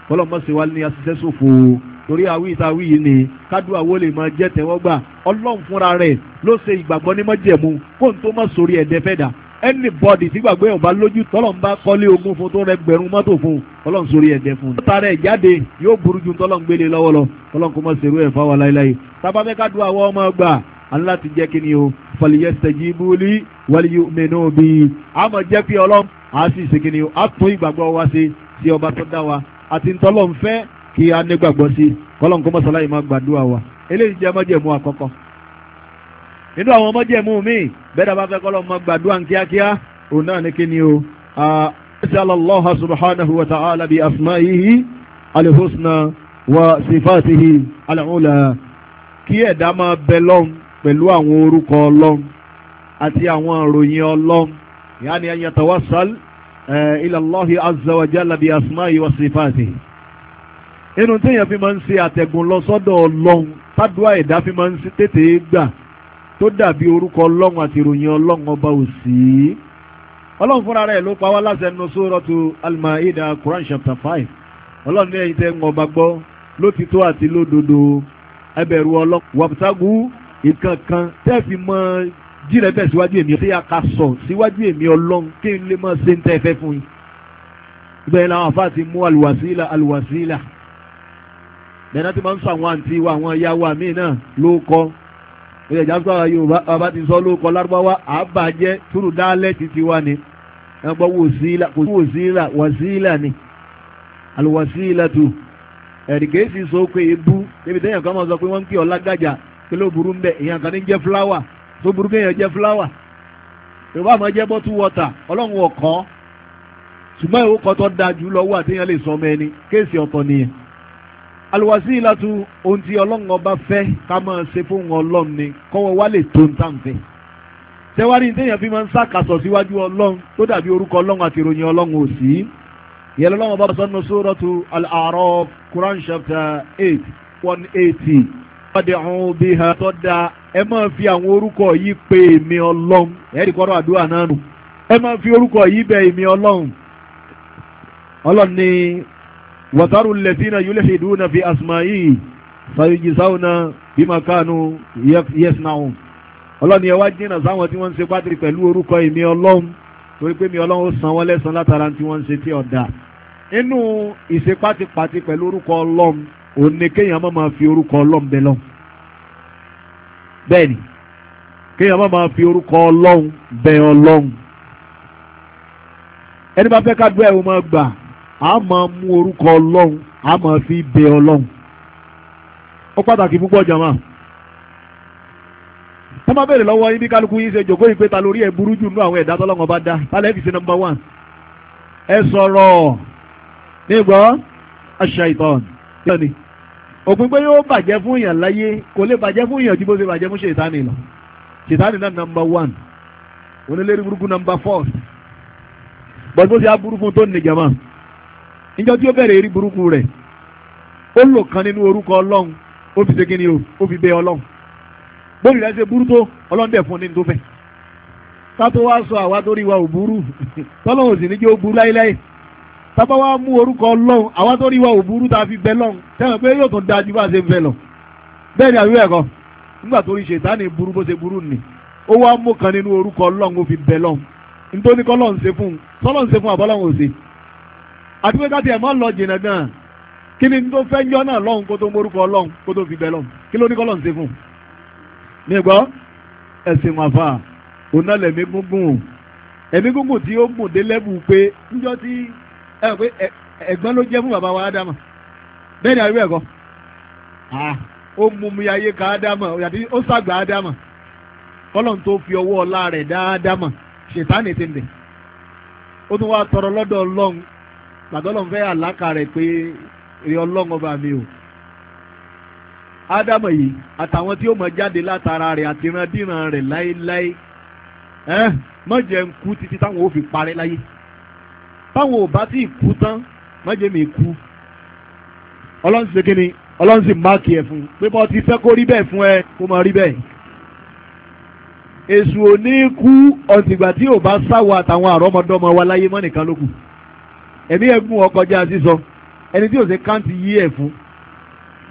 A: kọ́lọ́mọ́ ṣe wá ní aṣiṣẹ́ ṣòfò o torí àwí ìta wí yìí ni kádùá wo lè máa jẹ́ tẹ́wọ́gbà ọlọ́run fúnra rẹ̀ ló ṣe ìgbàgbọ́ ní mọ́jẹ̀mú kó n sórí ẹ̀dẹ́fẹ́dà anybody tí gbàgbé ọba lójú tọ́lọ́n bá kọ́lé ogún fún tó rẹgbẹ̀rún mọ́tò fún ọlọ́run sórí ẹ̀jẹ̀ fún un. tààrà ẹ̀ jáde yóò burú ju tọ́lọ́n gbélé lọ́wọ́ lọ ọlọ́run kò mọ̀ ṣerú ẹ̀ fáwọn láéláé tábàfẹ́ká dùn àwọn ọmọ ọgbà Allah ti jẹ́ kí ni o falyastajibu li walyu'minu bi àmọ́ jẹ́ pé ọlọ́run á sì ṣe kí ni o á tún ìgbàgbọ́ wa ṣe sí ọba tó dá wa àti wa eléyìí jẹ́ mọ́jẹ̀mú àkọ́kọ́ nínú àwọn ọmọjẹ̀mú mi bẹ́ẹ̀ dábàá fẹ́ kọ́lọ́ mọ́ gbàdúrà kíákíá òun náà ní kíni o asalallaha subhanahu wa ta'ala bi asma'ihi alihusna wa sifatihi alihula kí ẹ̀dá máa bẹ lọ́n pẹ̀lú àwọn orúkọ ọlọ́n àti àwọn àròyìn ọlọ́n yáni an yatawassal ila Allahi azza wa jalla bi asma'ihi wa sifatihi inú téèyàn fi máa ń ṣe àtẹ̀gùn lọ sọ́dọ̀ ọlọ́n tádùá ẹ̀dá fi máa ń tètè gbà tó dàbí orúkọ ọlọ́run àti ìròyìn ọlọ́run ọba òsì ọlọ́run fúnra rẹ̀ ló pa wá láṣẹ nínú sórọ́tù al-Maida Quran chapter five ọlọ́run ní ẹ̀yin tẹ́ ń ọba gbọ́ lótìtọ́ àti lódodo ẹ bẹ̀rù ọlọ́run wàbùságù ìkankan tẹ́ fi mọ jírẹ̀ bẹ̀ síwájú èmi kí a ka sọ síwájú èmi ọlọ́run kí n lè mọ ṣe ń tẹ́ fẹ́ fún yín ibẹ̀ yẹn làwọn afáàtì mú alùwàsílà alùwàsílà bẹ̀rẹ̀ náà ti máa ń sọ àwọn àǹtí wa àwọn ìyá wa náà ló ilẹ̀ ìjàmbá àwọn yorùbá bàbá ti sọ lóko lárúbáwá àbàjẹ́ túrú dálẹ̀ títí wá ni ẹgbọ́ wòsíìlà kò sí wòsíìlà wòsíìlà ni àlùwòsíìlà tù ẹ̀rì kèésì sọ pé ebú débi tẹ́yàn kan máa sọ pé wọ́n ń kí ọ̀la gàjà kí ló burú ń bẹ̀ èèyàn kan ní jẹ́ fúláwà tó burú kéèyàn jẹ́ fúláwà yorùbá máa jẹ́ bọ́tú wọ́tà ọlọ́run ọ̀kan ṣùgbọ́n ìwọ́kọ̀ tó dáa jù lọ wà lè sọ ọmọ kéèsì ọ̀tọ̀ nìyẹn alùwàsílàtú ohun tí ọlọ́run ọba fẹ́ ká máa ṣe fún ọlọ́run ni kọ́wọ́ wá lè tó ń tà ń fẹ́ tẹwárí téèyàn fi máa ń sàkàsọ̀ síwájú ọlọ́run tó dàbí orúkọ ọlọ́run àti ìròyìn ọlọ́run òsì yẹn lọ́wọ́ bá sọ́nù sórọ́tù al-A'raf Quran chapter eight one eighty ọdẹ̀hún bí ha tó da ẹ máa fi àwọn orúkọ yìí pe èmi ọlọ́run ẹ̀rí kọ́rọ̀ àdúrà fi orúkọ yìí bẹ èmi ọlọ́run wàtàrù lẹ́tínà yúlẹ̀ ìdúnà fi asma'i sayujisauna bima kanu yasnaun ọlọ́ni ẹwà jìnnà sáwọn tí wọ́n ń ṣe pátìrì pẹ̀lú orúkọ ìmí ọlọ́run torí pé mi ọlọ́run ó san wọ́n lẹ́san látara tí wọ́n ń ṣe tí ọ̀dà inú ìṣepátipàti pẹ̀lú orúkọ ọlọ́run òní kéèyàn má máa fi orúkọ ọlọ́run bẹ lọ́hùn bẹ́ẹ̀ni kéèyàn má máa fi orúkọ ọlọ́run bẹ ọlọ́run ẹni bá fẹ́ ká dúẹ̀ ó máa gbà a máa mú orúkọ ọlọ́run a máa fi bẹ ọlọ́run ó pàtàkì púpọ̀ jàmá tá má béèrè lọ́wọ́ yín bí kálukú yín ṣe jòkó ìpè ta lórí ẹ̀ burú jù nínú àwọn ẹ̀dá tọ́lọ́wọ́n bá dá tálẹ́ fi ṣe nọmba one ẹ sọ̀rọ̀ nígbọ́ aṣ-ṣaitan lónìí òpin pé yóò bàjẹ́ fún èèyàn láyé kò lè bàjẹ́ fún èèyàn tí bó ṣe bàjẹ́ fún ṣètánì lọ ṣètánì náà nọmba one onílérí burúkú nọmba four bọ́dé bó ṣe á burú fún tó nìjàmá níjọ́ tí ó bẹ̀rẹ̀ eré burúkú rẹ̀ ó lò kan nínú orúkọ ọlọ́run ó fi ṣe kí ni o ó fi bẹ ọlọ́run bóyá ìrẹsẹ̀ burú tó ọlọ́run dẹ̀ fún ní tó fẹ́ tátó wá sọ àwa torí wa ò burú [LAUGHS] tọ́lọ́run ò sì ní jẹ́ ó burú láéláé tábà wá mú orúkọ ọlọ́run àwa torí wa ò burú tá a fi bẹ lọ́run tẹ́wọ̀n pé yóò tún da ju bá a ṣe ń fẹ́ lọ bẹ́ẹ̀ ni àwíwẹ̀ kan nígbà tó rí ṣètánì burú bó ṣe burú nì ó wá mú kan nínú orúkọ ọlọ́run ó fi bẹ lọ́run nítorí kọ́lọ́run àti pé káti ẹ̀ lọ jìnnà gan-an kí ni tó fẹ́ yọ náà lọ́hùn kó tó morúkọ ọlọ́hùn kó tó fi lọ́hùn kí ló ní kọ́lọ́hùn fún un. mi o ẹ̀mí gúngùn tí ó lẹ́bù ẹ pé ẹ̀gbọ́n ló jẹ́ fún bàbá wa ádámà bẹ́ẹ̀ ni kọ́ ó mú mi ayé ádámà ó ádámà kọ́lọ́hùn gbàtọ́lọ́n fẹ́ àlákà rẹ̀ pé èrè ọlọ́run ọba mi o ádámù yìí àtàwọn tí ó mọ̀ jáde látara rẹ̀ àti ìrandíran rẹ̀ láéláé ẹ́ mọ̀jẹ̀ ń kú títí táwọn ò fi parẹ́ láyé táwọn ò bá tí ì kú tán mọ̀jẹ̀ mi kú ọlọ́run ṣe kíni ọlọ́run sì máàkì ẹ̀ fún un pé bọ́ ti fẹ́ kó rí bẹ́ẹ̀ fún ẹ kó máa rí bẹ́ẹ̀ èṣù ò ní kú ọ̀tìgbà tí ò bá sáwọ àtàwọn àrọ́mọdọ́mọ wa láyé mọ́ ló kù ẹ̀mí ẹ̀gún ọkọjá sísọ ẹni tí ó ṣe káǹtì yí ẹ̀ fún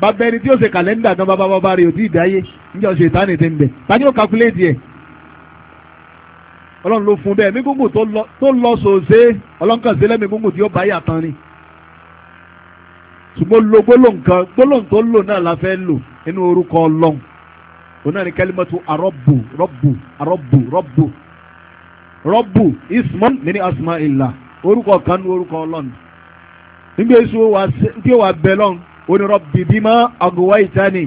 A: bàbá ẹni tí ó ṣe kàlẹ́ndà náà bàbá bàbá rẹ̀ ò tí ì dáyé níjọ́ ṣe ìtàn ètè ń bẹ̀ tani ó kakuléètì ẹ̀ ọlọ́run ló fún bẹ́ẹ̀ mí gbogbo tó lọ sòṣe ọlọ́nkàn sí lẹ́mí gbogbo tí ó bá yà tán ni ṣùgbọ́n lo gbólóhùn kan gbólóhùn tó lò náà la fẹ́ lò nínú orúkọ ọlọ́run òun náà ni kẹ́límọ́tò arọ́bù rọ́bù arọ́bù rọ́bù rọ́bù ismọ́n ní asma illah orúkọ kan ní orúkọ ọlọ́run nígbà èso tí ó wà bẹ lọ́n ó ní rọ́bì bímọ àgùwá ìtánì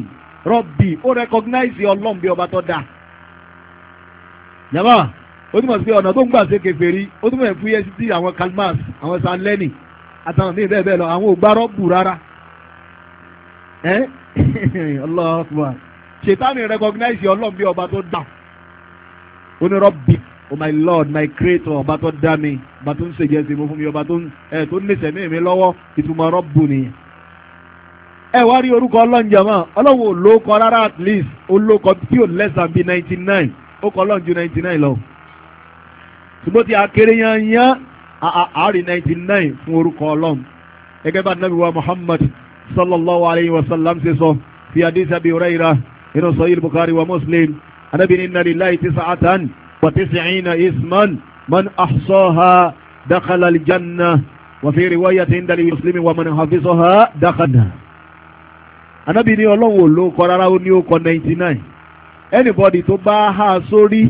A: rọ́bì ó rẹ́kọ́gnáìsì ọlọ́run bí ọba tó dà yàrá ó túmọ̀ sí pé ọ̀nà tó ń gbà ṣe kèfèrí túmọ̀ fún yẹn títí àwọn kalmas àwọn sanlẹ́nì àtàwọn míì bẹ́ẹ̀ bẹ́ẹ̀ lọ àwọn ò gbá rọ́bù rárá ẹ́ ọlọ́ọ̀kùnrin [LAUGHS] ṣètánì ọlọ́run bí ọba tó ní rọ́bì o oh, my lord my creator ọba tó dá mi ọba tó ń ṣèjẹ́ sí mi fún mi ọba tó ẹ tó níṣẹ́ mi mi lọ́wọ́ ìtumọ̀ rọ́bù nìyẹn. ẹ wá rí orúkọ ọlọ́njẹ mọ́ ló kọ rárá at least ó ló kọ tí ò less than be ninety nine ó kọ ọlọ́run ju ninety nine lọ. ṣùgbọ́n tí akéré yan yan àárín ninety nine fún orúkọ ọlọ́run gẹ́gẹ́ bá nàbí wa muhammad sallallahu alayhi wa sallam ṣe sọ fi hadith abi hurairah inú sahih bukhari wa muslim anabi inna lillahi tis'atan وتسعين اسما من أحصاها دخل الجنة وفي رواية عند المسلم ومن حفظها دخلها anábì ní ọlọ́run ò قرر kọ rárá ó ní anybody tó bá há sórí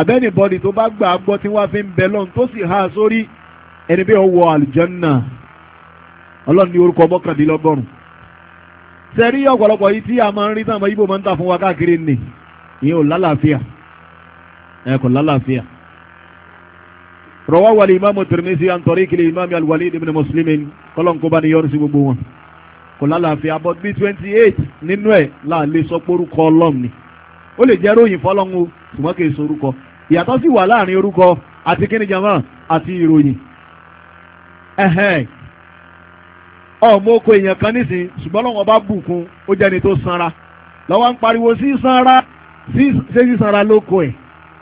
A: àbẹ́ anybody tó bá gbà á gbọ́ tí wọ́n fi ń bẹ lọ́n tó sì há sórí ẹni bí ó wọ àlùjànnà ọlọ́run ní orúkọ mọ́kàndínlọ́gọ́rùn. sẹ́rí ọ̀pọ̀lọpọ̀ yìí tí a máa ń rí sáà ibo máa ń tà fún wa káàkiri nì ìyẹn ò lálàáfíà ẹ̀kọ́ eh, lálàáfíà rọwọ́ wàlí imáàmù Tirmidhi àǹtọ̀rí kìlì imáàmù al-Walid ibn Muslim kọ́lọ́nkó bá ní yọrù sí gbogbo wọn kò lálàáfíà but bí twenty eight nínú ẹ̀ láàlẹ́ sọ pé orúkọ ọlọ́run ni ó lè jẹ́ ròyìn fọlọ́run o ṣùgbọ́n kì í sọ orúkọ ìyàtọ̀ sì wà láàrin orúkọ àti kíni jama àti ìròyìn ọmọ oko èèyàn kan nísìn ṣùgbọ́n lọ́wọ́ bá bùkún ó jẹ́ni tó sanra lọ́wọ́ ń pariwo sí sanra sí sísanra lóko ẹ̀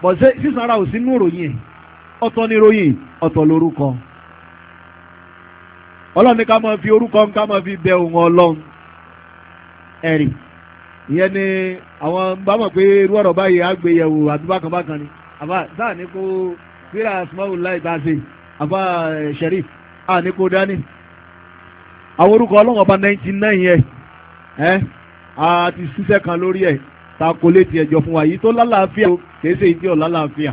A: bọ̀ ṣé sísan ò sí nú ìròyìn ọ̀tọ̀ ọ̀tọ̀ ká máa fi orúkọ ká máa fi bẹ ọlọ́run ẹ̀rì ni àwọn bá mọ̀ pé irú ọ̀rọ̀ báyìí á gbé ni àbá sáà ní kó kíra asmaul láì bá àbá sherif á ní àwọn orúkọ ọlọ́run ọba ẹ́ àti ṣiṣẹ́ kan takoléètì ẹjọ́ fún wa yìí tó lálàáfíà o kìí ṣe ìdí ọ̀la láàfíà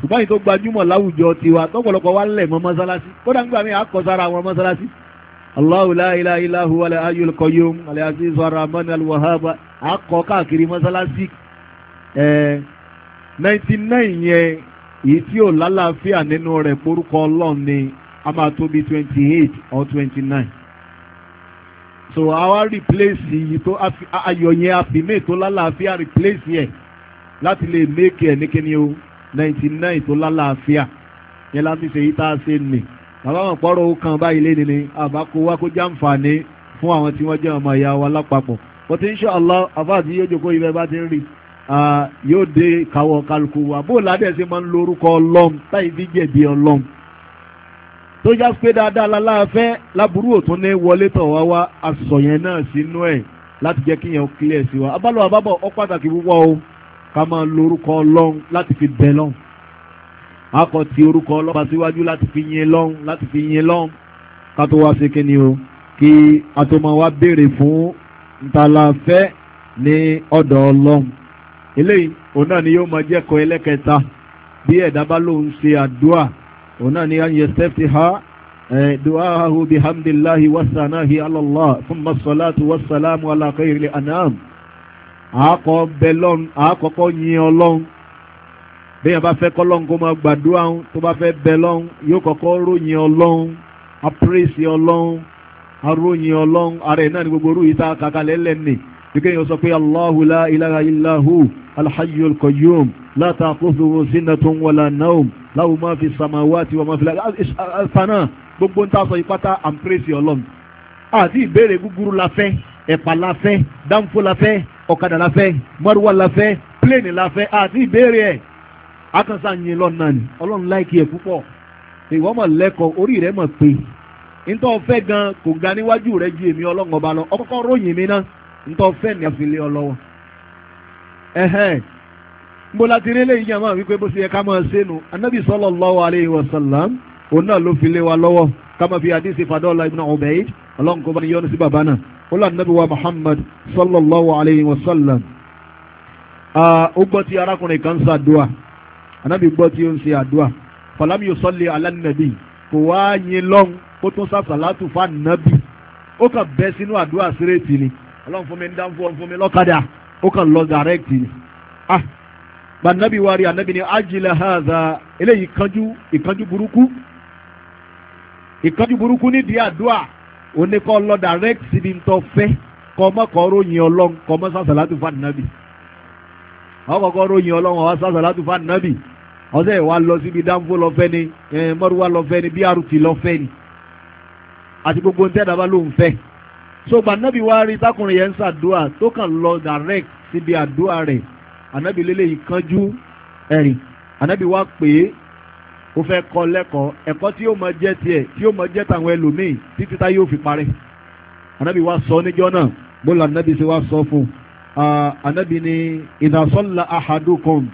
A: ṣùgbọ́n yìí tó gbajúmọ̀ láwùjọ tiwa tọ́pọ̀lọpọ̀ wa lẹ̀ mọ́ mọ́sálásí kódà nígbà míì àkọsára àwọn mọ́sálásí Allahu la ilaha illa huwa al-hayyul qayyum al-aziz ar-rahman al-wahhab akọ káàkiri mọ́sálásí ẹ̀ 99 yẹn èyí tí ò lálàáfíà nínú rẹ̀ porúkọ ọlọ́run 28 or 29 so a wá replace yìí tó ayọ̀ yẹn àfìmé tó lálàáfíà replace yẹn láti lè make ẹ̀ nìkíní o ninety nine tó lálàáfíà yẹn láti ṣe yìí tá a ṣe nì bàbá wọn pọ́rọ̀ ó kàn báyìí lé nìní àbákò wa kó jàǹfààní fún àwọn tí wọ́n jẹ́ ọmọ ìyá wa lápapọ̀ but inshallah àfáàtì yóò jókòó ibẹ̀ bá ti ń rí yóò dé kàwọ́ kálukú wa bó ládẹ́ ṣe máa ń lo orúkọ ọlọ́m táyì fi jẹ̀bi ọlọ́m tó já pé dáadáa láláàfẹ́ láburú òtún ní wọlé tọ̀ wá wá àsọ̀yẹn náà sínú ẹ̀ láti jẹ́ kí yẹn kílẹ̀ sí wa abálọ̀ àbábọ̀ ọ pàtàkì púpọ̀ o ká máa lo orúkọ ọlọ́run láti fi bẹ lọ́hùn akọ ti orúkọ ọlọ́run bá síwájú láti fi yin lọ́hùn láti fi yin lọ́hùn ká tó wá ṣe kí ni o kí a tó máa wá béèrè fún ntàlàfẹ́ ní ọ̀dọ̀ ọlọ́run eléyìí òun náà ni yóò máa jẹ́ ẹlẹ́kẹta bí ẹ̀dá bá lóun ṣe àdúrà òun náà يستفتح an yastaftiha e, du'aahu bihamdillahi على الله ثم الصلاة والسلام ala khairil anam àákọ́ bẹ́lọ́n àákọ́kọ́ yin ọlọ́run bẹ́ẹ̀ bá fẹ́ kọ́lọ́n kó máa gbàdúrà tó bá fẹ́ bẹ́lọ́n yóò kọ́kọ́ ròyìn ọlọ́run apírèsì ọlọ́run aróyìn ọlọ́run ara ẹ̀ náà ni gbogbo orú yìí tá a kàkà lẹ́lẹ́ bíkẹ́ yóò sọ pé Allahu la ilaha illa hu alhayyul qayyum la ta'khudhuhu sinatun wala nawm lahu ma fi samawati wa ma fi alfana uh, uh, gbogbo ń ta sọ ìpátá and praise ọlọ́run àti ìbéèrè gúgúrú la ẹ̀pà la dáńfó la ọ̀kadà la mọ́rúwá la pléènì la àti ìbéèrè ẹ̀ akànṣá yin lọ́nà ni ọlọ́run láìkí ẹ̀ púpọ̀ ìwọ mọ̀ lẹ́kọ̀ọ́ orí rẹ̀ mọ̀ pé ntọ́ fẹ́ gan kò ga níwájú rẹ̀ ju èmi ọlọ́run lọ ọkọ́kọ́ ròyìn mi náà ntọ́ fẹ́ ní àfilé ọlọ́wọ́ ẹ̀hẹ́n nbó láti rí eléyìí jẹ́ máa wípé bó ṣe yẹ ká máa ṣe nu anabi sallallahu alayhi wa sallam òun náà ló fi lé wa lọ́wọ́ ká máa fi àdísì fadọ́lá ibn Ubayd ọlọ́run kó bá ní yọ́nu sí bàbá náà ó lọ anabi wa Muhammad sallallahu alayhi wa sallam ó gbọ́ tí arákùnrin kan ń ṣàdúà anabi gbọ́ tí ó ń ṣe àdúà falam yusalli ala nabi kò wá yin lọ́n kó tún sàṣàlátù fún anabi ó kàn bẹ́ sínú àdúà sírètì ni ọlọ́run fún mi ń dánfọ́ ọ̀run fún mi lọ́kadà ó kàn lọ direct ni. ah gbanabi wari anabi ni ajila haza eléyìí ìkanjú ìkanjú burúkú ìkanjú burúkú nídìí àdúrà òní kọ́ lọ direct síbi ntọ́ fẹ́ kọ́ mọ́ kọ́ ròyìn ọlọ́run kọ́ mọ́ sàṣàlátù fún anabi ọkọ̀kọ́ ròyìn ọlọ́run ọ̀wá sàṣàlátù fún anabi ọ̀sẹ̀ ìwà lọ síbi dánfọ́ lọ́fẹ́ ni eh, mọ́rùwá lọ́fẹ́ ni bíárùtì lọ́fẹ́ ni àti gbogbo ntẹ́ dàbá ló ń fẹ́ so gbànábì wá rí tákùnrin yẹn ń ṣàdúrà tó kàn lọ direct síbi àdúrà rẹ̀ ànábì lélẹ́yìí kánjú ẹ̀rìn ànábì wá pè é ó fẹ́ kọ́ lẹ́kọ̀ọ́ ẹ̀kọ́ tí yóò máa jẹ́ tiẹ̀ tí yóò máa jẹ́ tàwọn ẹlòmíì títí tá yóò fi parẹ́ ànábì wá sọ níjọ́ náà bólú ànábì ṣe wá sọ fún ànábì ní ìdásọ́lá ahadukum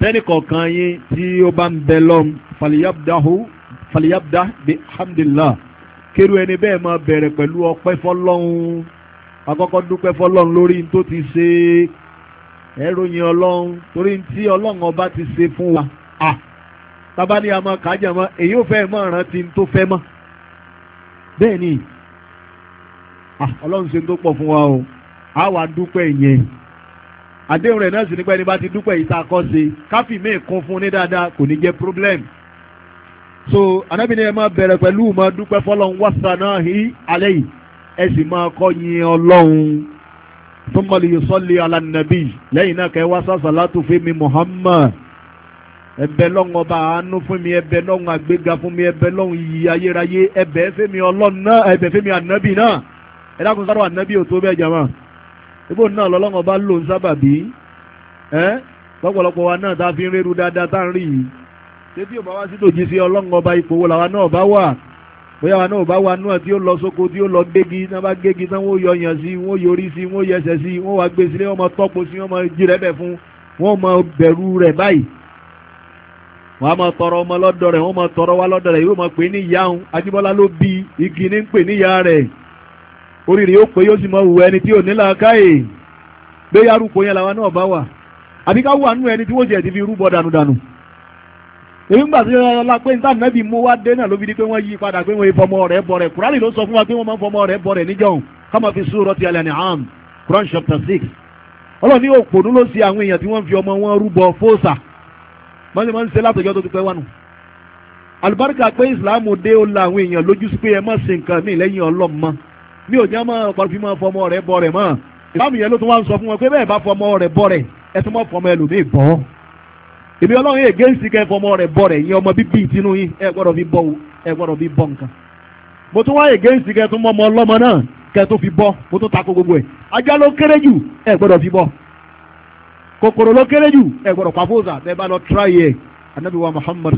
A: tẹ́nì kọ̀ọ̀kan yín tí ó bá ń bẹ lọ́m faliyabdahu faliyabdah bihamdillah kérú ẹni bẹ́ẹ̀ máa bẹ̀rẹ̀ pẹ̀lú ọpẹ́ fọlọ́hún àkọ́kọ́ dúpẹ́ fọlọ́hún lórí tó ti ṣe ẹ̀rọyìn ọlọ́hún torí tí ọlọ́hún ọba ti ṣe fún wa à tábà ní àmọ́ kájà mọ́ èyí ò fẹ́ mọ́ rántí tó fẹ́ mọ́ bẹ́ẹ̀ ni ọlọ́hún ṣe tó pọ̀ fún wa o a wà dúpẹ́ yẹn àdéhùn rẹ̀ náà sì nípa ẹni bá ti dúpẹ́ yìí tá a kọ́ ṣe káfí mẹ́ẹ̀kún fún ní dáadáa kò ní jẹ́ problem so anábì ni ẹ máa bẹ̀rẹ̀ pẹ̀lú máa dúpẹ́ fọlọ́run wasanahi alayhi ẹ sì máa kọ́ yin ọlọ́run thumma li yusalli ala nabi lẹ́yìn náà kẹ́ wá sàṣàlátù fún mi Muhammad ẹ̀bẹ̀ lọ́hùn ọba àánú fún mi ẹ̀bẹ̀ lọ́hùn àgbéga fún mi ẹ̀bẹ̀ lọ́hùn iyì ayérayé ẹ̀bẹ̀ mi ọlọ́run náà ẹ̀bẹ̀ fẹ́mi ànábì náà ẹ dákun sáró ànábì ò tó bẹ́ẹ̀ jàmá ibò náà lọ́lọ́run ọba lòún sábàbí ẹ́ lọ́pọ̀lọpọ̀ wa náà tá fi ń rérú dáadáa tá a ń rí yìí ṣé tí ò bá wá sí tòjì sí ọlọ́run ọba ipò wo làwa náà bá wà bóyá wa náà bá wà náà tí ó lọ sóko tí ó lọ gégi náà bá gégi tán wọ́n yọ yàn sí wọ́n yorí sí wọ́n yẹsẹ̀ sí wọ́n wá gbé sílé wọ́n mọ tọ́pọ̀ sí wọ́n mọ jírẹ́bẹ̀ fún wọ́n mọ bẹ̀rù rẹ̀ báyìí wọ́n á mọ tọrọ ọmọ lọ́dọ̀ rẹ̀ wọ́n mọ tọrọ wá lọ́dọ̀ rẹ̀ yóò mọ pè ní ìyá òun Ajíbọ́lá ló bí igi ní pè ní ìyá rẹ̀ oríire yóò pé yóò sì mọ wù ẹni tí ò ní làákàyè gbé yárùkọ yẹn làwa náà bá wà àbíká wà nú ẹni tí wọ́n ti ẹ̀ ti fi rúbọ dànù dànù èyí ń gbà sí ọlọ́lá pé níta nẹ́bí mú wá dé náà ló fi di pé wọ́n yí padà pé wọ́n yí fọmọ rẹ̀ bọ̀rẹ̀ kúránì ló sọ fún wa pé wọ́n máa ń fọmọ rẹ̀ bọ̀rẹ̀ níjọ́un kọ́mọ fi Surati Al-An'am Quran chapter six ọlọ́ni òpònú ló ṣe àwọn èèyàn tí wọ́n fi ọmọ wọn rúbọ fóòsà wọ́n ti máa ń ṣe látọjọ́ tó ti pẹ́ wánu àlùbáríkà pé ìsìláàmù dé ó la àwọn èèyàn lójú sí pé ẹ má ṣe nǹkan míì lẹ́yìn ọlọ́m mọ́ mi ò jẹ́ mọ́ ọ̀pọ̀ fi máa fọmọ rẹ̀ bọ̀rẹ̀ mọ́ ìsìláàmù yẹn ló tún wá ń sọ fún wọn pé bẹ́ẹ̀ bá fọmọ rẹ̀ bọ̀rẹ̀ ẹ tún mọ́ fọmọ ẹlòmíì bọ́ ìbí ọlọ́run yìí gẹ́ǹsì kẹ́ fọmọ rẹ̀ bọ̀ rẹ̀ yín ọmọ bíbí ìtinú yín ẹ gbọ́dọ̀ fi bọ́ ẹ gbọ́dọ̀ fi bọ́ nǹkan mo tún wáyé gẹ́ǹsì kẹ́ tún fi bọ́ mo tún takò gbogbo ẹ̀ ajá ló kéré jù ẹ gbọ́dọ̀ fi bọ́ kòkòrò ló kéré jù ẹ gbọ́dọ̀ bẹ́ẹ̀ bá lọ tíráyì ẹ̀ anabi wa muhammad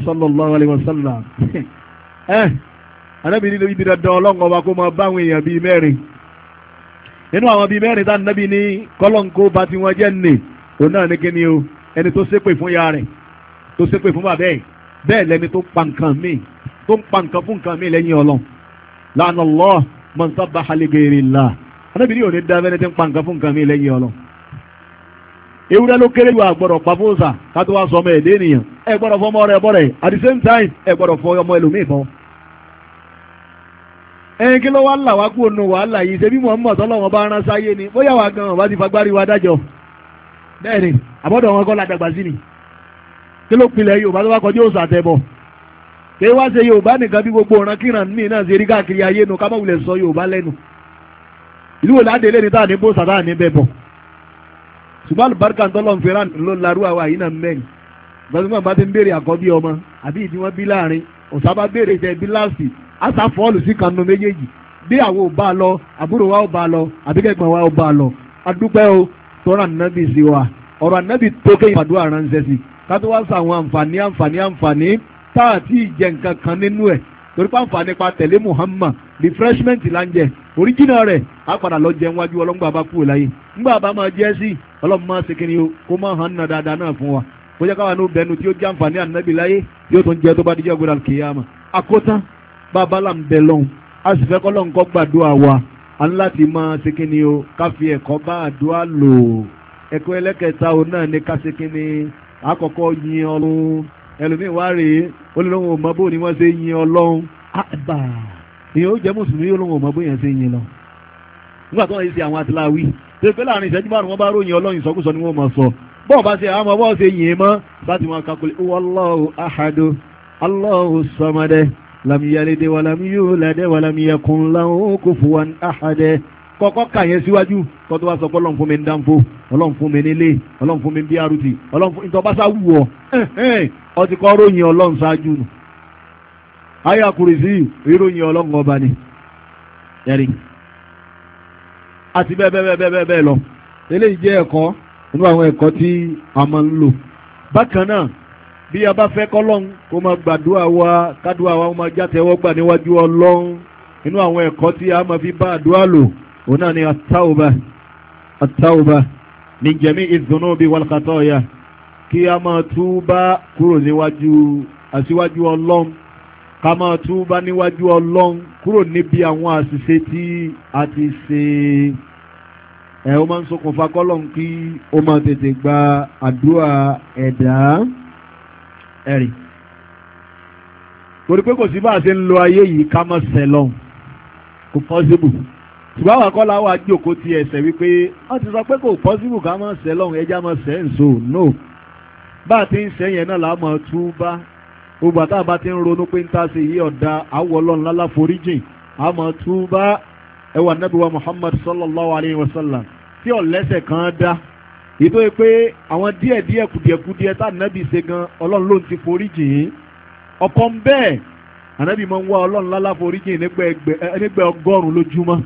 A: ẹ anabi nílò ẹni tó ṣépè fún ya rẹ̀ tó ṣépè fún bàbá ẹ̀ bẹ́ẹ̀ lẹni tó pa nǹkan míì tó pa nǹkan fún nǹkan míì lẹ́yìn ọlọ́run lánà lọ́ mọ̀nsá bá halegere la anábìrì ò ní dá fẹ́ni tí ń pa nǹkan fún nǹkan míì lẹ́yìn ọlọ́run ewúrẹ́ ló kéré ju àgbọ̀dọ̀ pa fóòsà ká tó wá sọ ọmọ ẹ̀dẹ́ ènìyàn ẹ gbọ́dọ̀ fọ ọmọ rẹ bọ́ at the same time ẹ gbọ́dọ̀ fọ ọmọ ẹlòmíì fọ. ẹyin kí ló wá là wá kú ònú wàhálà yìí ṣe bí mò bẹ́ẹ̀ ni àbọ̀dọ̀ wọn kọ́ ládàgbà sí ni kí ló pilẹ̀ yorùbá tó bá kọjú òsà àtẹ̀bọ̀ kí wá ṣe yorùbá nìkan bí gbogbo ọ̀ràn kíran ní náà ṣe rí káàkiri ayé nu ká má wulẹ̀ sọ yorùbá lẹ́nu ìlú wòlé àdélé ni táà ní bó sàtà ní bẹ́ẹ̀ bọ̀ ṣùgbọ́n àlùbáríkà tọ́lọ̀ ń fẹ́ràn ló larú àwa yìí náà mẹ́rin gbọ́dọ̀ bá ti ń béèrè àkọ́bí ọmọ àbí ìdí wọn bí láàrin ọ̀sá bá béèrè ìṣẹ́ bí láàsì àṣà fọ́ọ̀lù sí kanu méjèèjì bí bá lọ wa bá lọ àbíkẹ́gbọ̀n o tọ́ra nàbì sí wa ọ̀rọ̀ ànábì tó kéyìn àdúrà ránṣẹ́ sí ká tó wá sọ àwọn àǹfààní àǹfààní àǹfààní tá à nǹkan kan nínú ẹ̀ torí pé àǹfààní pa tẹ̀lé Muhammad refreshment là ń jẹ oríjìnà rẹ̀ á padà lọ jẹun wájú ọlọ́ngbà bá kúrò láyé ńgbà bá máa jẹ́ sí ọlọ́run máa ṣe kíni o kó máa hàn náà dáadáa náà fún wa kó jẹ́ káwọn ọ̀nà tí ó jẹ́ àǹfààní ànábì láyé yóò tún jẹ́ tó bá díjọ́ gbọ́dọ̀ kìyàmà àkótán bàbá là ń bẹ gbàdúrà wa a ní máa o ká ẹkọ bá àdúrà lò ẹkọ ẹlẹ́kẹta o náà ní ká ṣe akọkọ ni yin ọlọ́run ẹlòmíì wá rèé ó lè lóun ò bó ni wọ́n ṣe yin ọlọ́run àbà èèyàn ó jẹ́ mùsùlùmí ó lóun bó yẹn ṣe yin lọ nígbà tó ṣe àwọn ṣe pé láàrin ìṣẹ́jú márùn bá ròyìn ni o mọ̀ sọ ọmọ bọ́ọ̀ ṣe mọ́ láti lam yalid wa lam yulad wa lam yakun lahu kufuwan ahad kọ́kọ́ kà yẹn síwájú kó tó wá sọ pé ọlọ́run fún mi ń dánfó ọlọ́run fún mi nílé ọlọ́run fún mi ń brt ọlọ́run fún ìtọ́básá wù ọ́ ó kọ́ ròyìn ọlọ́run ṣáájú nù àyà kùrìsì ìròyìn ọlọ́run ọba ni yẹri àti bẹ́ẹ̀ bẹ́ẹ̀ bẹ́ẹ̀ bẹ́ẹ̀ lọ eléyìí jẹ́ ẹ̀kọ́ nínú àwọn ẹ̀kọ́ tí a máa ń lò bákan náà bí a bá fẹ́ kọ́lọ́n kó máa gbàdúrà wa kádùá wa ó máa játẹ̀wọ́ gbà níwájú ọlọ́run nínú àwọn ẹ̀kọ́ tí a máa fi bá àdúrà lò òun náà ni àtàwùbà àtàwùbà ní jẹ̀mí ìzùnú bíi wàlùkàtọ́ọ̀yà kí a máa túbá kúrò níwájú àṣíwájú ọlọ́run ká máa túbá níwájú ọlọ́run kúrò níbi àwọn àṣìṣe tí a ti ṣe ẹ̀ ó máa ń ṣokùnfà kọ́lọ́n kí ó máa tètè gba àdúrà ẹ̀dá. E ẹ̀rì torí pé kò sí bá a ṣe ń lo ayé yìí ká mọ́ sẹ́ lọ́hùn kò pọ́sibù ṣùgbọ́n àwọn akọ́lá wa jókòó ti ẹsẹ̀ wípé wọ́n ti sọ pé kò pọ́sibù ká mọ́ sẹ́ lọ́hùn ẹja mọ́ sẹ́ ń so no bá a ti ń sẹ́ yẹn náà là á mọ̀ tú bá gbogbo àtà bá ti ń ronú pé ń ta sí yí ọ̀dà àwọ̀ ọlọ́run lálá foríjìn a mọ̀ tú bá ẹwà nàbíwá Muhammad sallallahu alayhi wa sallam tí ọ̀lẹ́sẹ̀ kan dá ètò yìí pé àwọn díẹ̀ díẹ̀ kùdìẹ̀kùdìẹ̀ tá ànábì ṣe gan ọlọ́run ló ń ti forí jìn ín ọ̀pọ̀ ń bẹ́ẹ̀ ànábì máa ń wá ọlọ́run lálá forí jìn nígbà ọgọ́rùn-ún lójúmọ́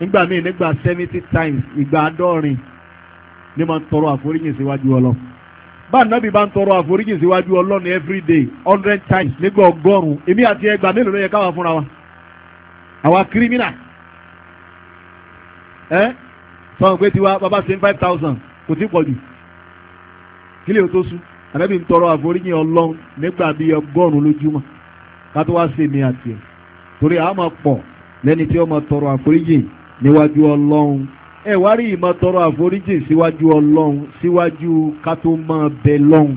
A: nígbà míì nígbà seventy times ìgbà àádọ́rin ní máa ń tọrọ àforíjìn síwájú ọlọ́run bá ànábì bá ń tọrọ àforíjìn síwájú ọlọ́run every day hundred times nígbà ọgọ́rùn-ún èmi àti ẹgbà mélòó ló yẹ káwa fúnra wa àwa kírímínà ẹ sọ pé tiwa bàbá ṣe five thousand kò tí pọ̀jù kílẹ̀ ó tó sùn ànábì ń tọrọ àforíjìn ọlọ́run nígbà bíi ọgọ́rùn-ún lójúmọ́ ká tó wá sí mi àti ẹ̀ torí a máa pọ̀ lẹ́ni tí ó máa tọrọ àforíjìn níwájú ọlọ́run ẹ wá rí ìmọ̀ tọrọ àforíjìn síwájú ọlọ́run síwájú ká tó máa bẹ lọ́run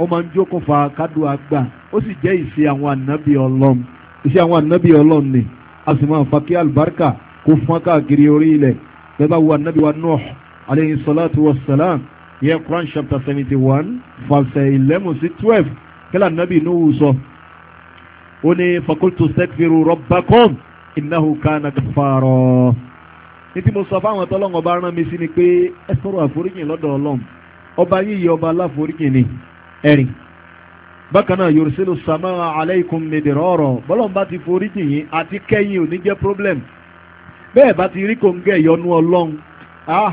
A: ó máa ń jókòfà kádùn àgbà ó sì jẹ́ ìṣe àwọn ànábì ọlọ́run ìṣe àwọn ànábì ọlọ́run ni a sì máa fa kí àlùbáríkà kó fọ́n káàkiri orí ilẹ̀ bẹ́ẹ̀ bá wo ànábì wa Nuh alayhi salatu wa salam yẹ Quran chapter seventy one verse eleven sí twelve kílà nabi Nuhu sọ ó ní fakultu sẹ́kfìrù rabbakum innahu kana ghaffara ní tí mo sọ fáwọn tọ́lọ́wọ́n bá rán mi sí ni pé ẹ sọ̀rọ̀ àforíjìn lọ́dọ̀ ọlọ́run ọba yíyí ọba aláforíjìn ni ẹ̀rìn bákan náà yorùsílù sàmà aleikum midirọ́rọ̀ bọ́lọ́n bá ti foríjìn yín àti kẹ́yìn ò ní jẹ́ problem bẹ́ẹ̀ bá ti rí kòńgẹ́ ìyọnu ọlọ́run ah